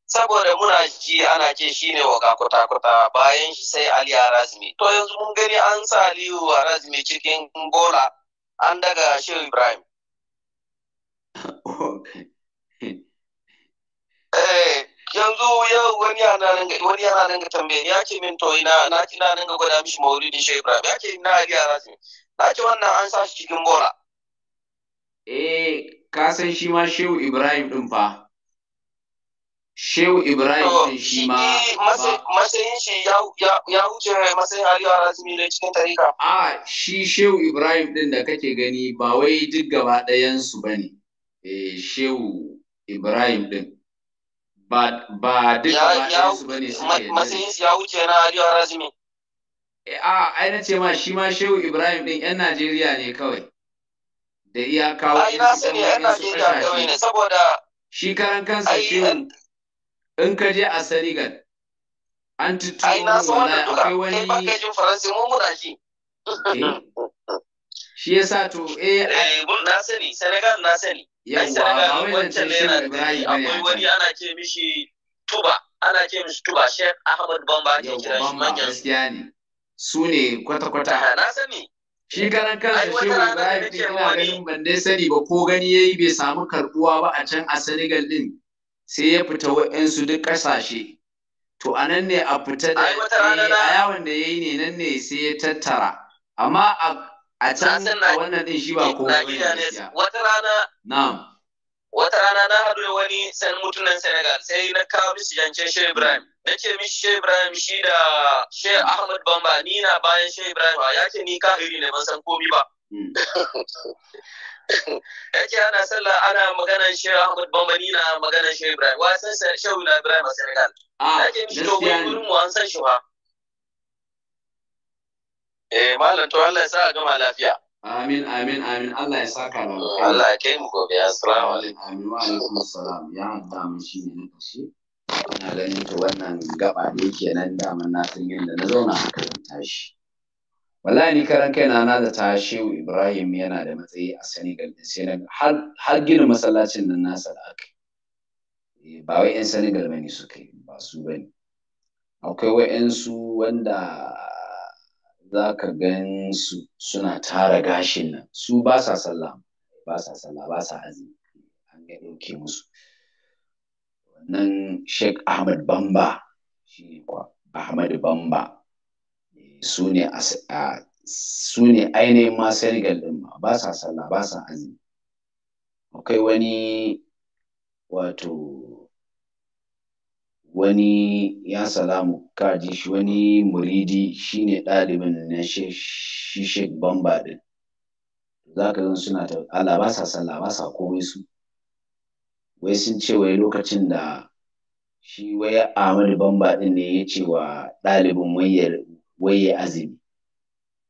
saboda muna ji ana ce shi ne waga kwata kuta bayan shi sai Ali Razmi. To yanzu mun gani an sa Aliyu Razmi cikin bola an daga Shehu Ibrahim. Eh, yanzu wani yana nan wani yana nan ga tambaye ya ce min to ina na ina nan ga gwada mishi maulidin shehu ibrahim ya ce ina riya rasmi na ce wannan an sa shi cikin gora eh ka san shi ma shehu ibrahim din fa shehu ibrahim din shi ma matsayin shi ya wuce matsayin aliyu rasmi ne cikin tarika a shi shehu ibrahim din da kake gani ba wai duk gaba ɗayan su bane eh shehu ibrahim din ba ba duk matansu ba ne suke matsayin ya wuce na Aliyu Razumi eh, a ai na ce ma shi ma Shehu Ibrahim din yan Najeriya ne kawai da iya kawo ai su yan Najeriya kawai ne saboda shi karan kansa Shehu in ka je a Senegal an tuturo wala akwai wani ai ba jin Faransa mun muna shi shi ya sa to eh, eh na sani Senegal na sani yawa Senegal wancan ne yana da akwai wani ana ce mishi tuba ana ce mishi tuba Sheikh Ahmad Bamba ake kira shi manyan gaskiya ne su ne kwata kwata eh, na sani shi karan kansa shi Ibrahim fi yana ganin ban dai sani ba ko gani yayi bai samu karbuwa ba a can a Senegal din sai ya fita wa'ansu duk kasashe to a nan ne a fita da eh, a yawon da ya yi ne nan ne sai ya tattara amma a a can a wannan din shi ba komai ne wata rana na'am wata rana na haɗu da wani san mutunan Senegal sai na kawo musu yancen Shehu Ibrahim na ce mishi Ibrahim shi da Shehu Ahmad Bamba ni na bayan Shehu Ibrahim ya ce ni kafiri ne ban san komi ba hmm. yake ana sallah ana maganar shehu ahmad Bamba ni na maganar shehu ibrahim wa san shehu ibrahim a senegal ah, yake mishi to gurin mu an san shi ba Eh malam to Allah ya sa a gama lafiya. Amin amin amin Allah ya saka da Allah ya kai mu gobe assalamu alaikum. Amin wa alaikum assalam ya hadda mu shi ne na kashe. Ina ganin to wannan gaba ne kenan mun na san yadda na zauna a kan tashi. Wallahi ni karan kai na da tashi Ibrahim yana da matsayi a Senegal din sai har har gina masallacin nan nasa da aka eh, ba wai 'yan Senegal bane suka yi ba su bane akwai wa'ansu wanda za ka gan su suna tara gashin nan su ba sa sallah ba sa sallah ba sa azumi an ga ɗauke musu wannan Sheikh Ahmad Bamba shi ne kwa Ahmad Bamba eh, su ne a su ne ainihin ma Senegal ɗin ma ba sa sallah ba sa azumi akwai wani wato wani ya salamu ji shi wani muridi shine ɗalibin na shi shek bamba ɗin za ka zan suna ta ala ba sa ba komai su wai sun ce wai lokacin da shi wai Ahmadu Bamba din ne ya ce wa ɗalibin wai ya azumi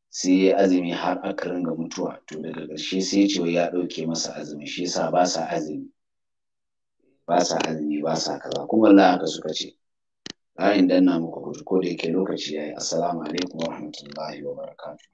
sai ya azumi har aka ringa mutuwa to daga ƙarshe sai ya ce wai ya ɗauke masa azumi shi yasa ba sa azumi ba sa azumi ba sa kaza kuma Allah haka suka ce 'dan danna muku ko da yake lokaci yayi assalamu alaikum wa wabarakatuh